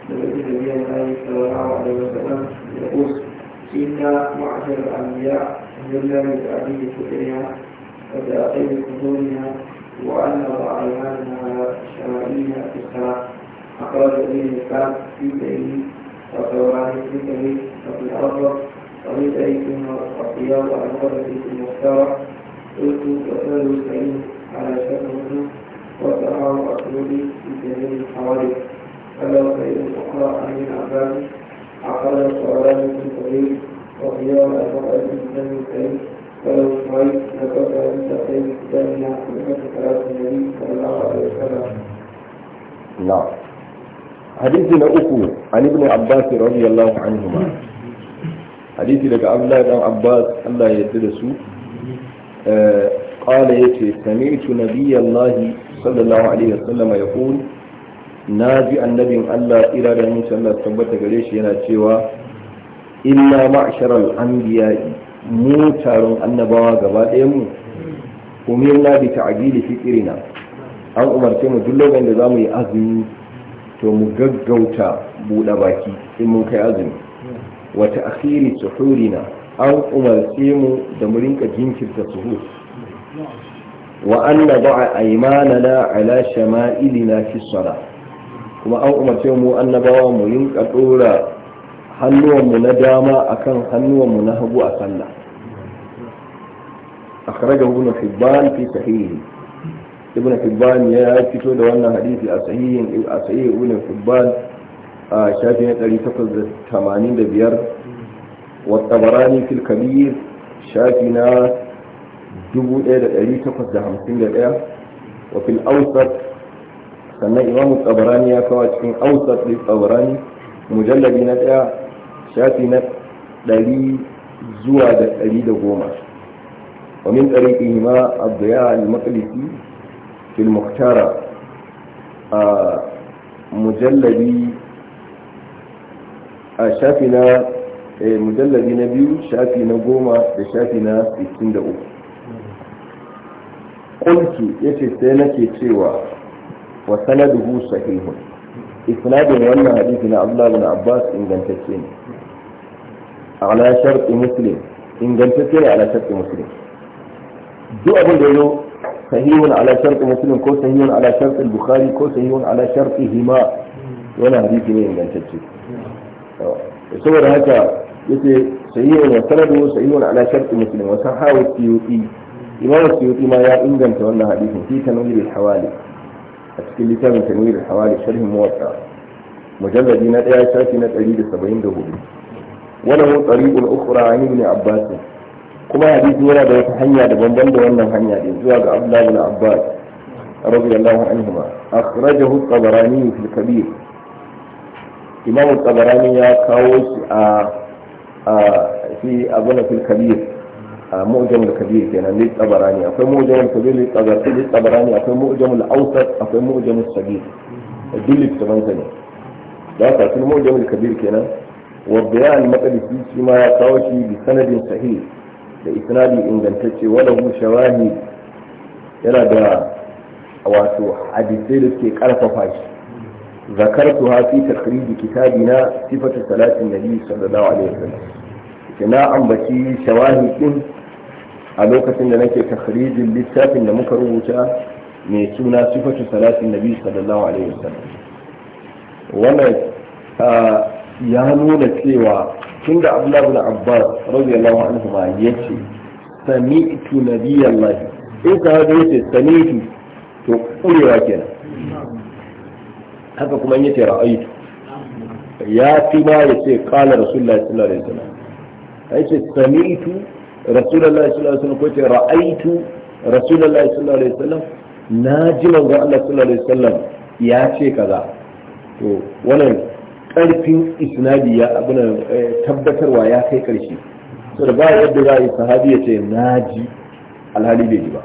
صلى الله عليه وسلم يقول إنا معشر الأنبياء نزلنا من تعديل فكرها وتعقيد قدورها وأن وأيمانها شمائلها في الصلاة أخرج ابن الكعب في بيته وثوران في كبير وفي الأرض طريق أيكم والصيام والمغرب في المختار قلت وسألوا سعيد على شكل في جميع خير من عقل وخيار الكريم فلو لكفى النبي صلى الله عليه وسلم نعم حديثنا أكو عن ابن عباس رضي الله عنهما حديثنا daga abdullahi الله abbas allah ya yarda da su qala sallallahu alaihi na ji annabin Allah tsira da mun sallar tabbata gare shi yana cewa illa ma'sharal anbiya mu taron annabawa gaba ɗayan mu umirna bi ta'jili fikrina an umarce mu duk lokacin da zamu yi azumi to mu gaggauta buɗe baki in mun kai azumi wa ta'khiri suhurina an umarce mu da mu rinka jinkirta suhur وأن نضع أيماننا على شمائلنا في الصلاة كما أمر تيمو أن نبوا ملنك أطولا هنو منجاما أكن هنو منهب أسنى أخرجه ابن حبان في صحيح ابن حبان يا أكتو دو أن حديث أصحيح أصحيح ابن حبان آه، شافينا تلي تفض ثمانين دبير والتبراني في الكبير شافينا 1851 وفي الأوسط سنة إمام الطبراني يا كواتشين أوسط للطبراني مجلد نتأ شافي نتألي زوى دتألي دقوما ومن طريقهما الضياء المقلسي في المختارة آه مجلد آه شافي مجلد نبي شافي نقوما بشافي نستين دقوما qultu yace sai nake cewa wa sanaduhu sahihun isnadin wannan hadisi na Abdullah Abbas ingantacce ne ala sharti muslim ingantacce ne ala sharti muslim duk abin da yazo sahihun ala sharti muslim ko sahihun ala sharti bukhari ko sahihun ala sharti hima wannan hadisi ne ingantacce saboda haka yace sahihun wa sanadu إمام السيوطي ما يا إنجم تولى حديثه في تنوير الحوالي أتكلم لتام تنوير الحوالي شرح موقع مجلد نتعي شرح نتعي بسبعين دهوري وله طريق أخرى عن ابن عباس كما حديث ولا بيت حنيا دبن بند ولا حنيا زواج عبد الله بن عباس رضي الله عنهما أخرجه الطبراني في الكبير إمام الطبراني يا كاوش آه آه في أظن في الكبير a mu'jam da kabir kenan lil tabarani akwai mu'jam da kabir lil tabarani lil tabarani akwai mu'jam da awsat akwai mu'jam da sabir duk littafan sa ne da ka sun mu'jam da kabir kenan wa bayan maqdisi shi ma ya kawo shi bi sanadin sahih da isnadi ingantacce wala hu shawahi yana da wato hadisai da suke karfafa shi zakartu ha fi takriji kitabina sifatu salatin nabi sallallahu alaihi wasallam na ambaci shawahi din a lokacin da nake takhrijin littafin da muka rubuta mai suna sifatu salatin nabi sallallahu alaihi wasallam wannan ya nuna cewa tun da abdullahi bin abbas radiyallahu anhu ma yace sami'tu nabiyallahi in ka hado yace sami'tu to kurewa kenan haka kuma yace ra'aytu ya fi ma yace qala rasulullahi sallallahu alaihi wasallam yace sami'tu rasulullahi sallallahu alaihi wasallam ko ce ra'aitu rasulullahi sallallahu alaihi wasallam na ji manzon Allah sallallahu alaihi wasallam ya ce kaza to wannan karfin isnadi ya abuna eh, tabbatarwa ya kai karshe so da ba yadda za yi sahabi ya ce na ji alhali bai ji ba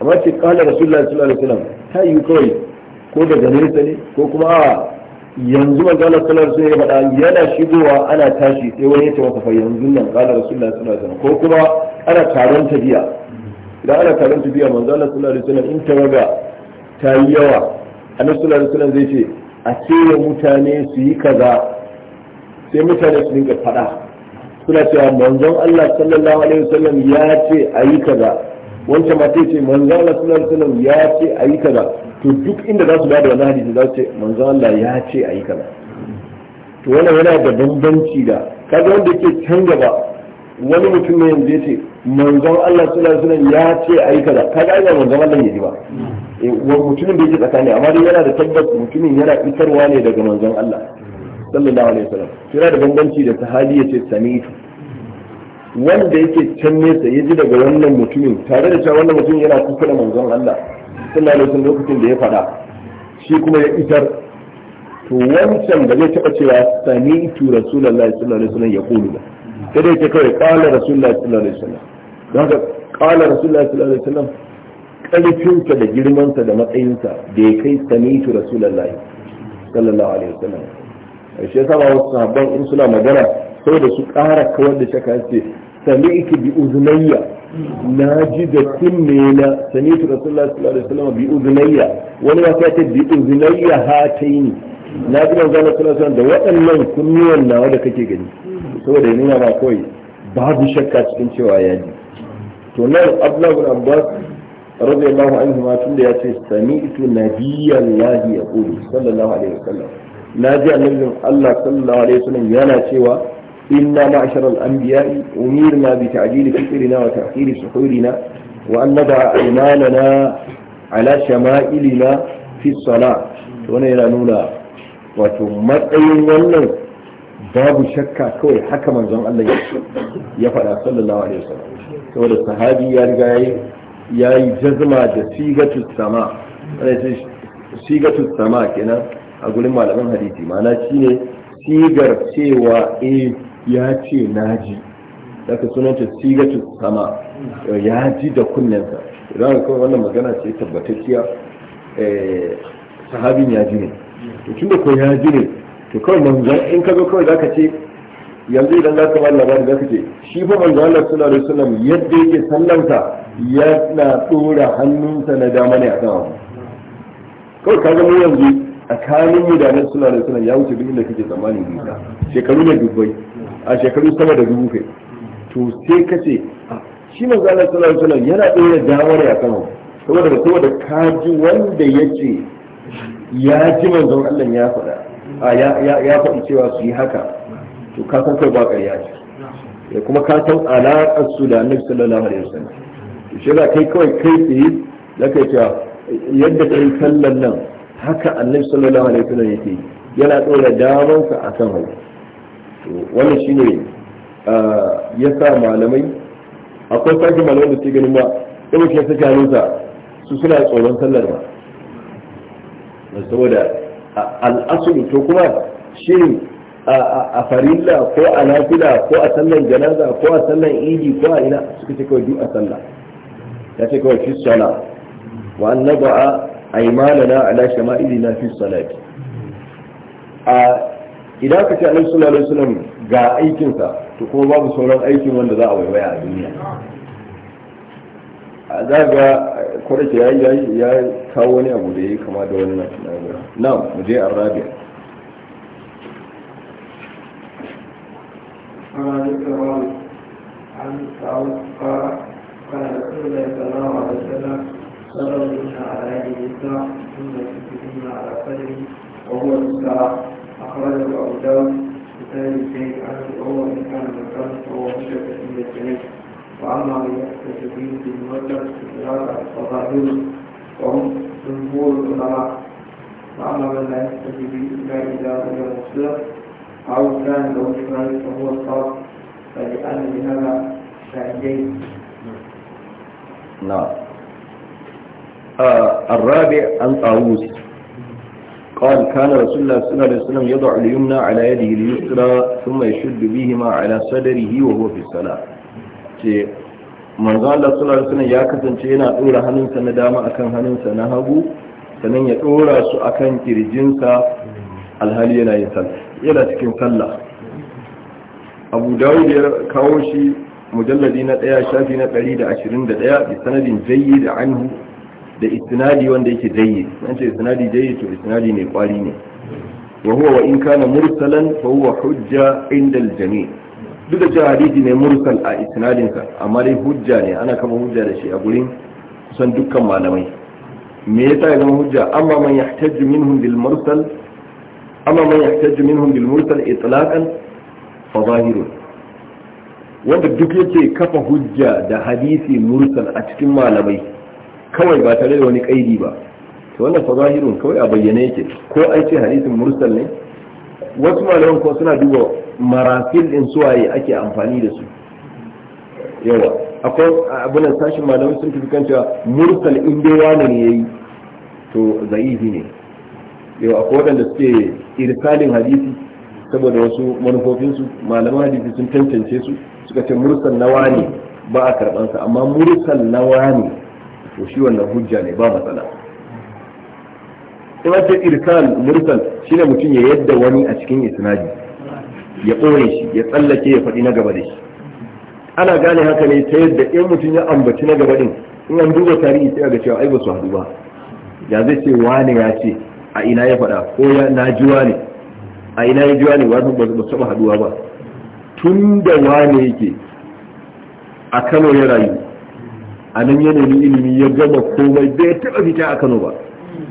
amma ce kala rasulullahi sallallahu alaihi wasallam ta yi kawai ko daga nesa ne ko kuma yanzu manzo Allah sallallahu alaihi wasallam ya faɗa yana shigowa ana tashi sai wani ya wakafa fa yanzu nan qala rasulullahi sallallahu alaihi wasallam ko kuma ana taron tafiya idan ana taron tafiya manzo Allah sallallahu alaihi wasallam in tawaga ta yi yawa annabi sallallahu alaihi wasallam zai ce a wa mutane su yi kaza sai mutane su dinga faɗa suna cewa manzon Allah sallallahu alaihi wasallam ya ce a yi kaza wancan ma sai ce manzon Allah sallallahu alaihi wasallam ya ce a yi kaza to duk inda za su ba da wani hadisi za su ce manzo Allah ya ce a yi kaza to wannan yana da bambanci da kaga wanda yake can gaba wani mutum ne yanzu ya ce manzon Allah sallallahu alaihi wasallam ya ce a yi kaza kaga ai manzo Allah ya ji ba eh mutumin da yake tsakani amma dai yana da tabbas mutumin yana fitarwa ne daga manzo Allah sallallahu alaihi wasallam yana da bambanci da sahabi ya ce sami'tu wanda yake can nesa ya ji daga wannan mutumin tare da cewa wannan mutum yana kuka da manzon Allah sallallahu alaihi wasallam lokacin da ya faɗa shi kuma ya isar to wancan da zai taɓa cewa sami tu rasulullahi sallallahu alaihi wasallam ya kulu ba sai dai ce kawai qala rasulullahi sallallahu alaihi wasallam don haka qala rasulullahi sallallahu alaihi wasallam karfinsa da girmansa da matsayinsa da ya kai sami tu rasulallah sallallahu alaihi wasallam shi yasa wasu sahabban in suna magana saboda su ƙara kawar da shaka ce sami ki bi uzunayya na ji da kunne na sani tu rasulullah sallallahu alaihi wasallam bi uznayya wani ya ta bi uznayya hataini na ji manzo sallallahu alaihi wasallam da waɗannan kunniyan nawa da kake gani saboda yana ba kawai babu shakka cikin cewa ya ji to nan Abdullah ibn Abbas radiyallahu anhu ma tunda ya ce sami'tu nabiyallahi yaqulu sallallahu alaihi wasallam na ji annabin Allah sallallahu alaihi wasallam yana cewa إنا معشر الأنبياء أميرنا بتعجيل فكرنا وتأخير سحورنا وأن نضع أيماننا على شمائلنا في الصلاة ونينا نونا وتمتعين ولن babu shakka kawai haka manzon Allah ya faɗa sallallahu alaihi wasallam saboda sahabi ya riga ya yi jazma da sigatu sama sigatu sama kenan a gurin malaman hadisi ma'ana shine sigar cewa eh ya ce na ji daga sunanta sigatu sama ya ji da kunnensa idan ka kawai wannan magana ce tabbatacciya eh, sahabin ya ji ne to tunda ko ya ji ne to kawai manzo in ka zo kawai zaka ce yanzu idan za ka ba labari za ka ce shi fa manzo Allah sallallahu alaihi wasallam yadda yake sallanta, yana dora hannunsa na dama ne a kan abu kawai ka mu yanzu kanin mu da nan sallallahu alaihi wasallam ya wuce duk inda kake tsammani nisa shekaru ne dubbai a shekaru sama da dubu kai to sai ka ce ah, shi manzo Allah sallallahu alaihi wasallam yana ɗora dawar ya kama saboda saboda ka wanda ya ce ya ji manzon Allah ya faɗa ah, a ya ya faɗi cewa su yi haka to ka san kai ba ƙarya ce kuma ka san alaƙar su da annabi sallallahu alaihi wasallam shi da kai kawai kai sai da kai ta yadda kai sallan nan haka annabi sallallahu alaihi wasallam yake yana ɗora damansa akan haka wannan shine ya sa malamai akwai sake malamai da su ganin ba in mutum ya sake hannunsa su suna tsoron sallar ba saboda al'asulu to kuma shirin a farilla ko a nafila ko a sallan janaza ko a sallan idi ko a ina suka ce kawai duk a sallah ya ce kawai fi sala wa annaba a aimanana ala na fi salati a idan ka ce annabi sallallahu alaihi wasallam ga aikinsa to kuma babu sauran aikin wanda za a waiwaya a duniya a zaga kwarace ya ya kawo wani abu da ya yi kama da wannan na mu je arabiya عن صلى الله عليه وسلم أخرجه أبو داود بسند الشيخ عنه وهو إن كان ذكرا فهو مشرك من الجنة وأما من يحتجبين بالمرتب استدراك الفضائل وهم جمهور العلماء وأما من لا يحتجب إلا إذا غير مسلم أو كان له شرعي فهو الخاص فلأن لهذا شاهدين نعم آه، الرابع عن قال كان رسول الله صلى الله عليه وسلم يضع اليمنى على يده اليسرى ثم يشد بهما على صدره وهو في الصلاة manzo Allah sallallahu alaihi wasallam ya kasance yana dora hannunsa na dama akan hannunsa na hagu sannan ya dora su akan kirjinsa alhali yana yin sallah yana cikin sallah Abu Dawud ya kawo shi mujalladi na ɗaya shafi na ɗaya bi sanadin jayyid anhu da istinadi wanda yake jayyid an ce istinadi jayyid to istinadi ne kwari ne wa huwa wa in kana mursalan fa huwa hujja inda al-jami' duk da cewa hadisi ne mursal a isnadinsa amma dai hujja ne ana kama hujja da shi a gurin kusan dukkan malamai me yasa ya zama hujja amma man yahtaju minhum bil mursal amma man yahtaju minhum bil mursal itlaqan fa zahirun wanda duk yake kafa hujja da hadisi mursal a cikin malamai kawai ba tare da wani kaidi ba to wannan fa zahirun kawai a bayyane yake ko ai ce hadisin mursal ne wasu malaman ko suna duba marafil din suwaye ake amfani da su yawa akwai abin sashin malamai sun tafi kan cewa mursal in dai wani ne yayi to zaifi ne yau akwai waɗanda suke irsalin hadisi saboda wasu manufofinsu malaman hadisi sun tantance su suka ce mursal na wani ba a karɓansa amma mursal na wani to shi wannan hujja ne ba matsala in ce irkan mursal shine mutum ya yadda wani a cikin isnadi ya ɓoye shi ya tsallake ya faɗi na gaba da shi ana gane haka ne ta yadda in mutum ya ambaci na gaba din in an duba tarihi sai ga cewa ai ba su haɗu ba ya zai ce wane ya ce a ina ya faɗa ko ya na jiwa ne a ina ya jiwa ne ba su taɓa haɗuwa ba tun da wane yake a kano ya rayu a nan yanayin ilimi ya gama komai bai taɓa fita a kano ba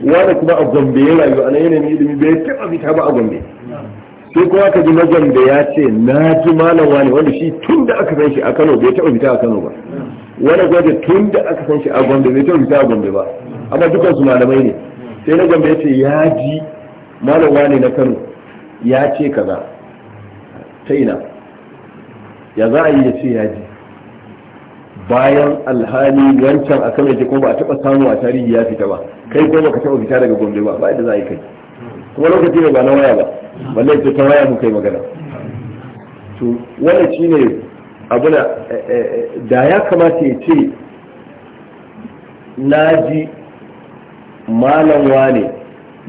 wanda kuma a gombe ya rayu a nan yanayin ilimi bai taɓa fita ba a gombe sai kuma ka ji na gombe ya ce na ji malam wani wanda shi tun da aka san shi a kano bai taɓa fita a kano ba wanda gwaje tun da aka san shi a gombe bai taɓa fita a gombe ba amma dukkan su malamai ne sai na gombe ya ce ya ji malam wani na kano ya ce kaza ta ina ya za a yi ya ce ya ji bayan alhali wancan a yake kuma ba a taba samu a tarihi ya fita ba kai ko ka taba fita daga gombe ba ba da za a yi kai kuma lokaci ne ba na waya ba balle ce ta waya mu kai magana to shi ne abuna eh, eh, eh, da ya kamata ya ce naji malam wane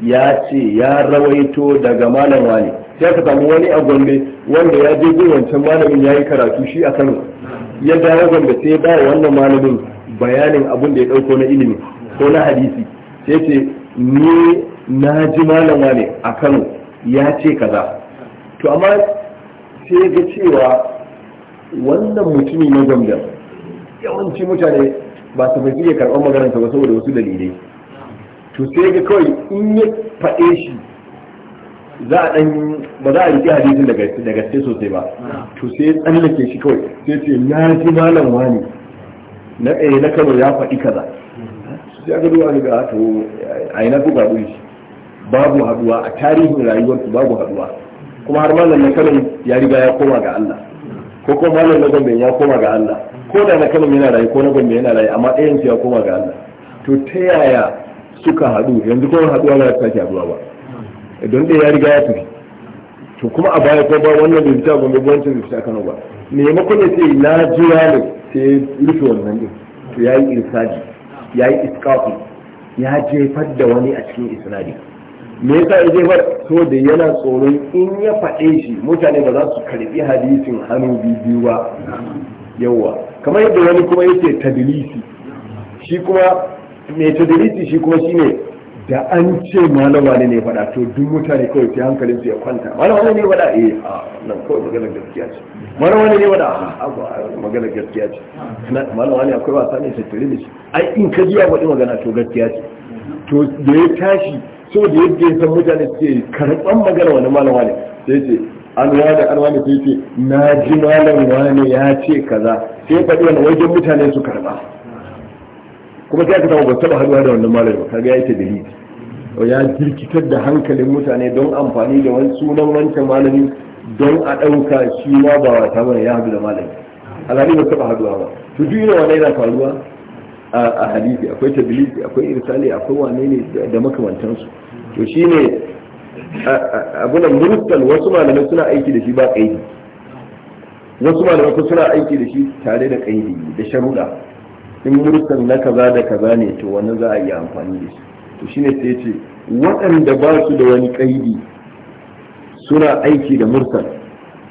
ya ce ya rawaito daga malam wane sai ka samu wani a gombe wanda ya je wancan malamin ya yi karatu shi a kano ya dawo gombe sai ya ba wannan malamin bayanin abin da ya dauko na ilimi ko na hadisi sai ce ni na ji malama ne a Kano ya ce kaza to amma sai ga cewa wannan mutumi na gombe yawanci mutane ba su fi iya karɓar maganarsa ba saboda wasu dalilai to sai ga kawai in ya faɗe shi za a dan ba za a riƙe hadisin daga da gaske sosai ba to sai ya tsallake shi kawai sai ce na ji malam wani na eh na Kano ya faɗi kaza sai aka duba ni ga ah, to a ina ku gabu babu haduwa a tarihin rayuwar su babu haduwa kuma har malam na Kano ya riga ya koma ga Allah ko kuma malam na Gombe ya koma ga Allah ko da na Kano yana rayu ko na Gombe yana rayu amma ɗayan su ya koma ga Allah to ta yaya suka haɗu yanzu kuma haɗuwa ba ta ke haɗuwa ba don da ya riga ya tafi to kuma a baya ko ba wannan bai fita gombe wancan bai fita kano ba maimakon ya ce na jira ne sai rufe wannan din to ya yi irsaji ya yi iskafi ya jefar da wani a cikin isnadi me yasa ya jefar to da yana tsoron in ya faɗe shi mutane ba za su karɓi hadisin hannu biyu ba yawa kamar yadda wani kuma yake tadilisi shi kuma mai tadilisi shi kuma shi ne. da an ce malama ne ne faɗa to duk mutane kawai sai hankalin su ya kwanta malama ne faɗa eh a nan kawai magana gaskiya ce malama ne faɗa a magana gaskiya ce malama ne akwai wasa ne tattare da shi ai in ka ji ya faɗi magana to gaskiya ce to da ya tashi so da yadda ya san mutane su suke karɓan magana wani malama ne sai ce an wani an wani sai ce na ji malam wani ya ce kaza sai faɗi wani wajen mutane su karɓa kuma sai aka samu ba taba haduwa da wannan malami ga yake dalili ya jirkitar da hankalin mutane don amfani da wani sunan wancan malami don a ɗauka shi ma ba ta bane ya haɗu da malami alhali ba taba haduwa ba to duk yana wani yana faruwa a hadisi akwai tabilisi akwai irsali akwai wane ne da makamantansu to shi ne abunan murtal wasu malamai suna aiki da shi ba kaidi wasu malamai suna aiki da shi tare da kaidi da sharuda in murkan na kaza da kaza ne to wani za a yi amfani da shi to shine sai ce waɗanda ba su da wani kaidi suna aiki da mursal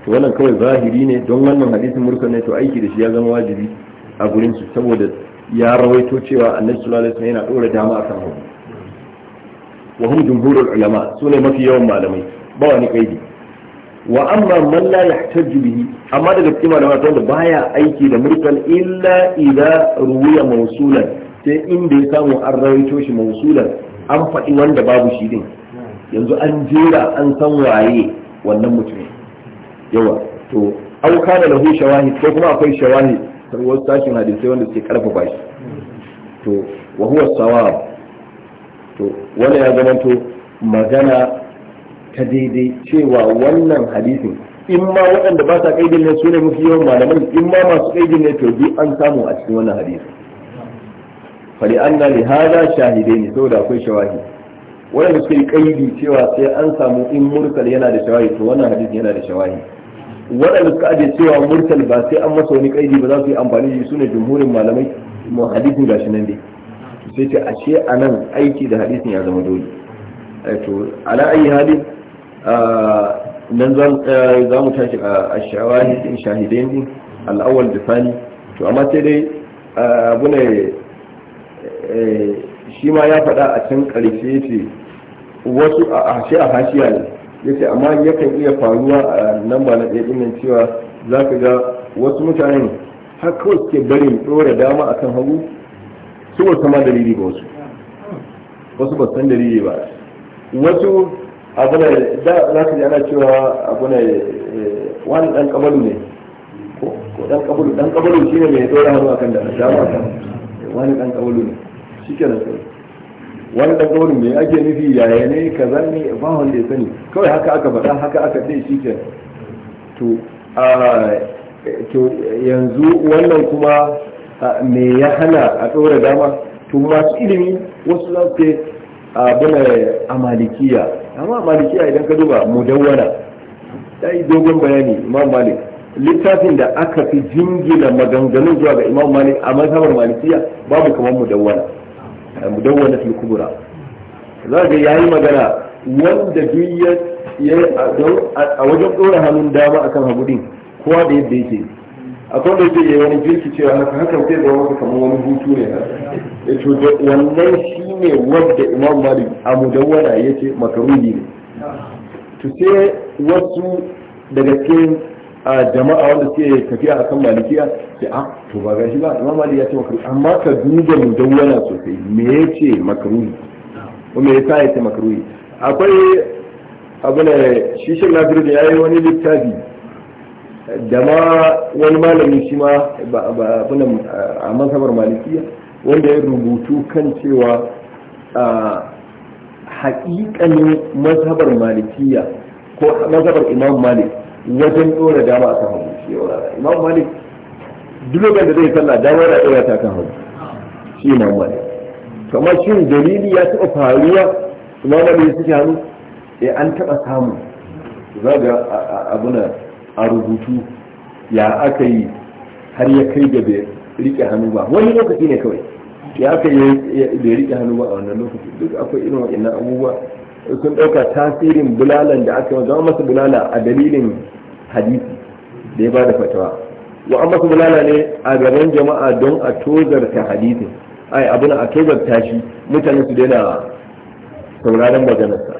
to wannan kawai zahiri ne don wannan hadisin murkan ne to aiki da shi ya zama wajibi a gurin su saboda ya rawaito cewa annabi sallallahu alaihi yana dora dama akan hudu wa hum jumhurul ulama sune mafi yawan malamai ba wani kaidi wa amma man la yahtaju bihi amma daga cikin malama ta wanda baya aiki da mursal illa idza ruwiya mawsulan sai da ya samu an rawaito shi mawsulan an faɗi wanda babu shi din yanzu an jera an san waye wannan mutum yawa to aw kana lahu shawahid ko kuma akwai shawahid har sashin hadisai wanda suke karfafa shi to wa huwa sawab to wanda ya zamanto magana ta daidai cewa wannan hadisin in ma waɗanda ba sa kaidin ne su ne mafi yawan malaman in ma masu kaidin ne to bi an samu a cikin wannan hadisin fali anna li hada shahidai ne saboda akwai shawahi waɗanda suka yi kaidi cewa sai an samu in Murtal yana da shawahi to wannan hadisin yana da shawahi waɗanda suka aje cewa Murtal ba sai an masa wani kaidi ba za su yi amfani da su ne jumhurin malamai mu hadisin gashi nan dai sai ce ashe anan aiki da hadisin ya zama dole eh to ala ayi halin dan za mu tashi a shawahidin shahidin al'awal da sani to amma sai dai abu ne shi ma ya faɗa a can ƙarshe ce wasu a hashe a hashiya ne ya ce amma yakan iya faruwa a nan ba na ɗaya ɗin cewa za ka ga wasu mutanen har kawai suke barin ɗora dama a kan hagu su wasu ma dalili ba wasu wasu ba san dalili ba wasu abu ne da za ka ji ana cewa abu ne eh, wani dan kabalu ne ko dan kabalu dan kabalu shine mai dora hannu akan da dama kan wani dan kabalu ne shi shikenan sai wani dan kabalu mai ake nufi yaya ne kaza ne ba wanda ya sani kawai haka aka faɗa haka aka ce shikenan to a to yanzu wannan kuma me ya hana a ɗora dama to masu ilimi wasu za su ce abuna a malikiya amma malikiya idan ka duba mudawwana ta yi dogon bayani imam malik littafin da aka fi jingina maganganun zuwa ga imam malik a mazhabar malikiya babu kamar mudawwana mudawwana fil kubra za ga yayi magana wanda duk a wajen ɗora hannun dama akan hagudin kowa da yadda yake akwai da yake wani jirki cewa haka haka sai zama wani kamar wani hutu ne ya ce wannan shi ne wadda imam malik a mudawwana ya ce makaruhi ne to sai wasu daga cikin a jama'a wanda suke tafiya a kan malikiya ce a ah, to ba gashi ba imam malik ya ce makaruhi amma ka duba mudawwana sosai me ya ce makaruhi kuma me yasa ya ce makaruhi akwai abu ne shi shi da ya yi wani littafi da ma wani malami shi ma a masabar malikiya wanda ya rubutu kan cewa a haƙiƙanin mazhabar malikiya ko mazhabar imam malik wajen ɗora dama a kan hagu cewa imam malik duk da zai kalla dama da ɗora ta kan hagu shi imam malik kamar shin dalili ya taɓa faruwa imam malik ya suke hannu eh an taɓa samu za ga abuna a rubutu ya aka yi har ya kai ga rike hannu ba wani lokaci ne kawai ya aka yi da rike hannu ba a wannan lokaci duk akwai irin waɗannan abubuwa sun ɗauka tasirin bulalan da aka zama masa bulala a dalilin hadisi da ya ba da fatawa wa an masa bulala ne a gaban jama'a don a tozarta hadisin ai abin a tozarta shi mutane su daina sauraron maganarsa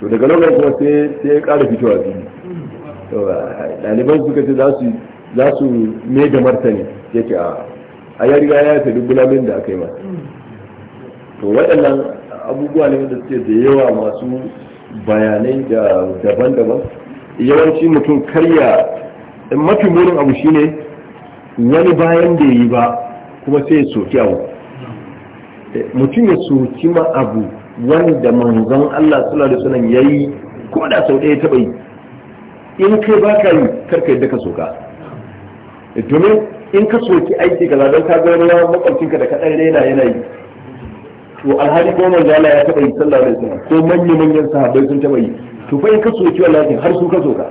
to daga lokacin kuma sai ya kara fitowa biyu ɗaliban suka ce za su za su ne, da martani ya ce a ya riga ya fi dubulamin da aka yi ma. to waɗannan abubuwa ne da suke da yawa masu bayanai da daban-daban yawanci mutum karya mafi murin abu shine wani bayan da yi ba kuma sai ya soki abu mutum ya soki ma abu wanda manzon Allah sallallahu alaihi wasallam yayi ko da sau ɗaya taɓa yi in kai ba ka yi karka yadda ka soka Eh, domin in ka soki aiki ga don ka ga wani makwabcinka da kaɗan rena yana yi to alhali ko manzo Allah ya taɓa yi sallallahu da wasallam ko manya manyan sahabbai sun taɓa yi to fa in ka soki wallahi har su ka soka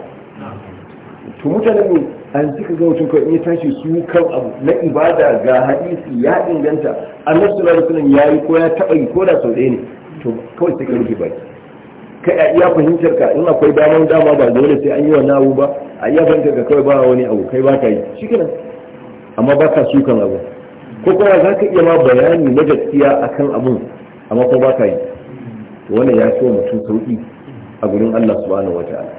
to mutanen mu an suka ga mutum kawai in ya tashi su kan abu na ibada ga hadisi ya inganta annabi sallallahu alaihi wasallam yayi ko ya taɓa yi ko da sau ɗaya ne to kawai sai ka rufe baki kai a iya fahimtar ka in akwai damar dama ba dole sai an yi wa nawu ba a iya banka ga kawai ba wani abu kai ba ka yi shi kenan amma ba ka kan abu ko kuma za ka iya ma bayani na gaskiya a kan abun amma ko ba ka yi wannan ya so mutum sauki a gurin Allah subhanahu wataala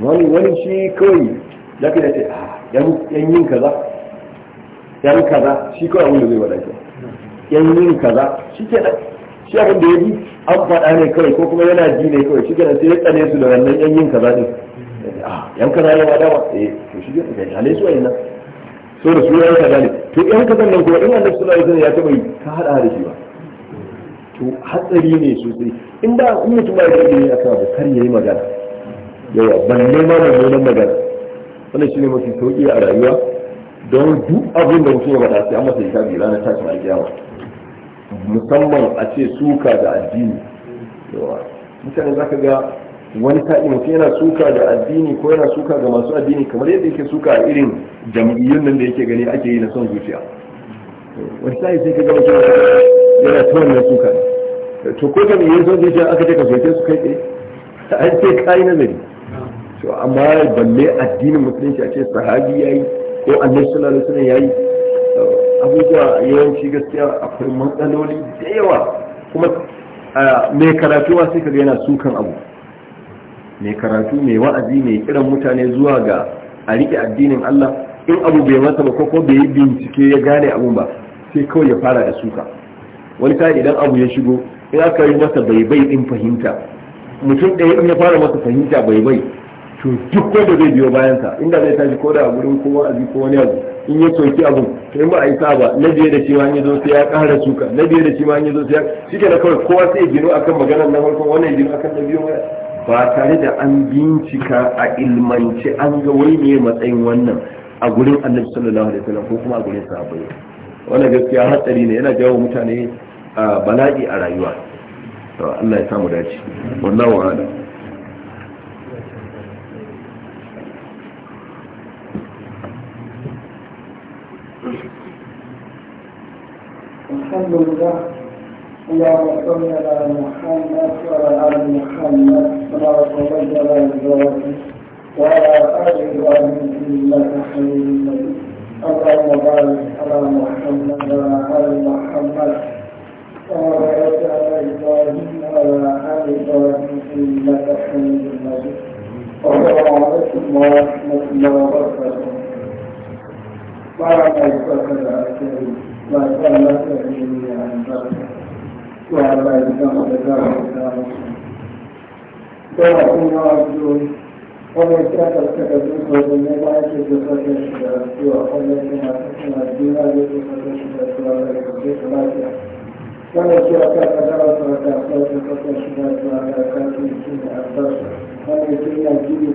wani wani shi kawai za ka ce ah, yan yin kaza yan kaza shi kawai abin da zai wadace yan yin kaza shi kenan shi abin da ya yi an faɗa ne kawai ko kuma yana ji ne kawai shi kenan sai ya tsane su da wannan yan yin kaza ɗin a yan kaza ne ba dama eh to shi ne kai halai su nan. so da su yan kaza ne to yan kaza nan kuma in annabi sallallahu alaihi ya taba yi ka hada da shi ba to hatsari ne sosai in da in mutum ya yi ne akan abu kar yayi magana yawa balle ma da nuna magana wannan shine mafi sauki a rayuwa don duk abin da mutum ya faɗa sai an masa hisabi ranar tashin alkiyama musamman a ce suka da addini yawa mutane za ka ga wani ta'i mutum yana suka ga addini ko yana suka ga masu addini kamar yadda yake suka a irin jam'iyyun nan da yake gani ake yi na son zuciya wani ta'i sai ka ga mutum yana ta wannan suka to ko jam'iyyun son zuciya aka ce ka soke su kai tsaye an ce kayi nazari to amma balle addinin musulunci a ce sahabi yi, ko annabi sallallahu alaihi wasallam yi. abubuwa yawanci gaskiya akwai matsaloli da yawa kuma mai karatuwa sai ka ga yana sukan abu mai karatu mai wa'azi mai kiran mutane zuwa ga a rike addinin Allah in abu bai masa ba ko bai yi bincike ya gane abun ba sai kawai ya fara da suka wani ta idan abu ya shigo in aka yi masa bai bai din fahimta mutum ɗaya in ya fara masa fahimta bai bai to duk wanda zai biyo bayan sa inda zai tashi ko da a gurin kowa a ko wani abu in ya soki abu to in ba a yi sa ba na biye da cewa an zo sai ya kara suka na biye da cewa an zo sai ya shike da kawai kowa sai ya gino akan maganar na farko wannan ya gino akan na biyo bayan ba tare da an bincika a ilmance an ga wai ne matsayin wannan a gurin annabi sallallahu alaihi wasallam ko kuma a gurin sahabbai wannan gaskiya hatsari ne yana jawo mutane bala'i a rayuwa to Allah ya samu dace wannan wa'ala الحمد لله اللهم صل على محمد وعلى ال محمد كما صليت على ابراهيم وعلى ال ابراهيم انك حميد مجيد اللهم بارك على وعلى ال محمد كما باركت ابراهيم وعلى ال ابراهيم انك حميد مجيد السلام عليكم ورحمه الله وبركاته وعلى الله الكريم وعلى الله الكريم وعلى الله الكريم وعلى الله الكريم kowa sun yawa biyu wannan kira karfe da duk wajen ne ba yake da sarfe shi da rasuwa wannan kira karfe na juna da yake sarfe da rasuwa da da rasuwa da sarfe sarfe shi da rasuwa da karfe shi da albarka wannan kira jini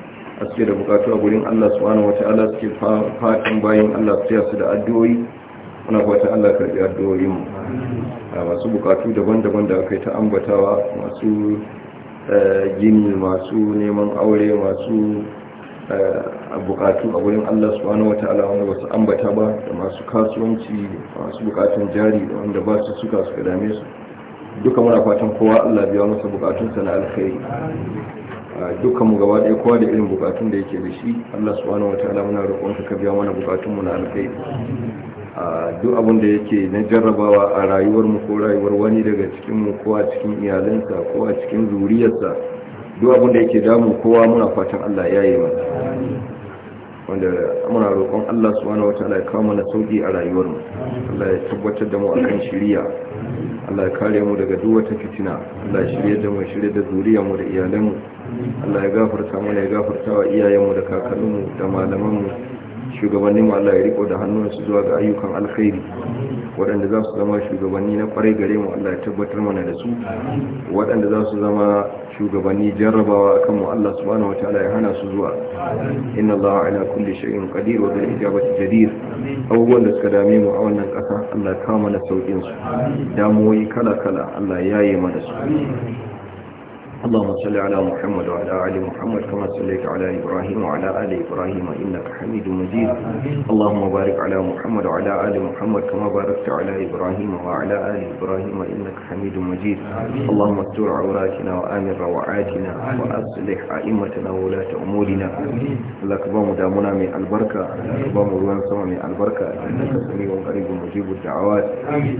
haske da bukatu a gurin Allah subhanahu wata'ala suke fatan bayan Allah su yasu da addu'o'i wani fata Allah karbi addu'o'in mu masu bukatu daban-daban da aka yi ta ambatawa masu eh, gini masu neman aure masu eh, bukatu a gurin Allah subhanahu ala wanda wasu ambata ba da masu kasuwanci masu bukatun jari da wanda ba su suka suka dame su duka muna fatan kowa Allah biya masa bukatunsa na alkhairi dukkan mu gaba ɗaya kowa da irin bukatun da yake da shi Allah subhanahu ta'ala muna roƙon ka biya mana bukatun mu na a duk abin da yake na jarrabawa a rayuwar mu ko rayuwar wani daga cikin mu ko a cikin iyalansa ko a cikin zuriyarsa duk abin da yake damu kowa muna fatan Allah ya yi mana wanda muna roƙon Allah subhanahu wataala ya kawo mana sauki a rayuwarmu Allah ya tabbatar da mu akan shiriya Allah ya kare mu daga duk wata fitina Allah ya shirye da mu shirye da zuriyar mu da iyalan mu Allah ya gafarta mana ya gafarta wa iyayen mu da kakanninmu da malaman mu shugabannin mu Allah ya riko da hannunsu zuwa ga ayyukan alkhairi waɗanda za su zama shugabanni na kwarai gare mu Allah ya tabbatar mana da su waɗanda za su zama shugabanni jarrabawa kan mu Allah subhanahu wataala ya hana su zuwa inna Allah ala kulli shay'in qadir wa bil ijabati jadir abubuwan da suka dame mu a wannan ƙasa Allah ya kama mana saukin su damuwoyi kala kala Allah ya yi mana su اللهم صل على محمد وعلى آل محمد كما صليت على إبراهيم وعلى آل إبراهيم إنك حميد مجيد اللهم بارك على محمد وعلى آل محمد كما باركت على إبراهيم وعلى آل إبراهيم إنك حميد مجيد اللهم استر عوراتنا وآمن روعاتنا وأصلح أئمتنا وولاة أمورنا لك بام دامنا من البركة لك بام روان سما من البركة إنك سميع قريب مجيب الدعوات آمين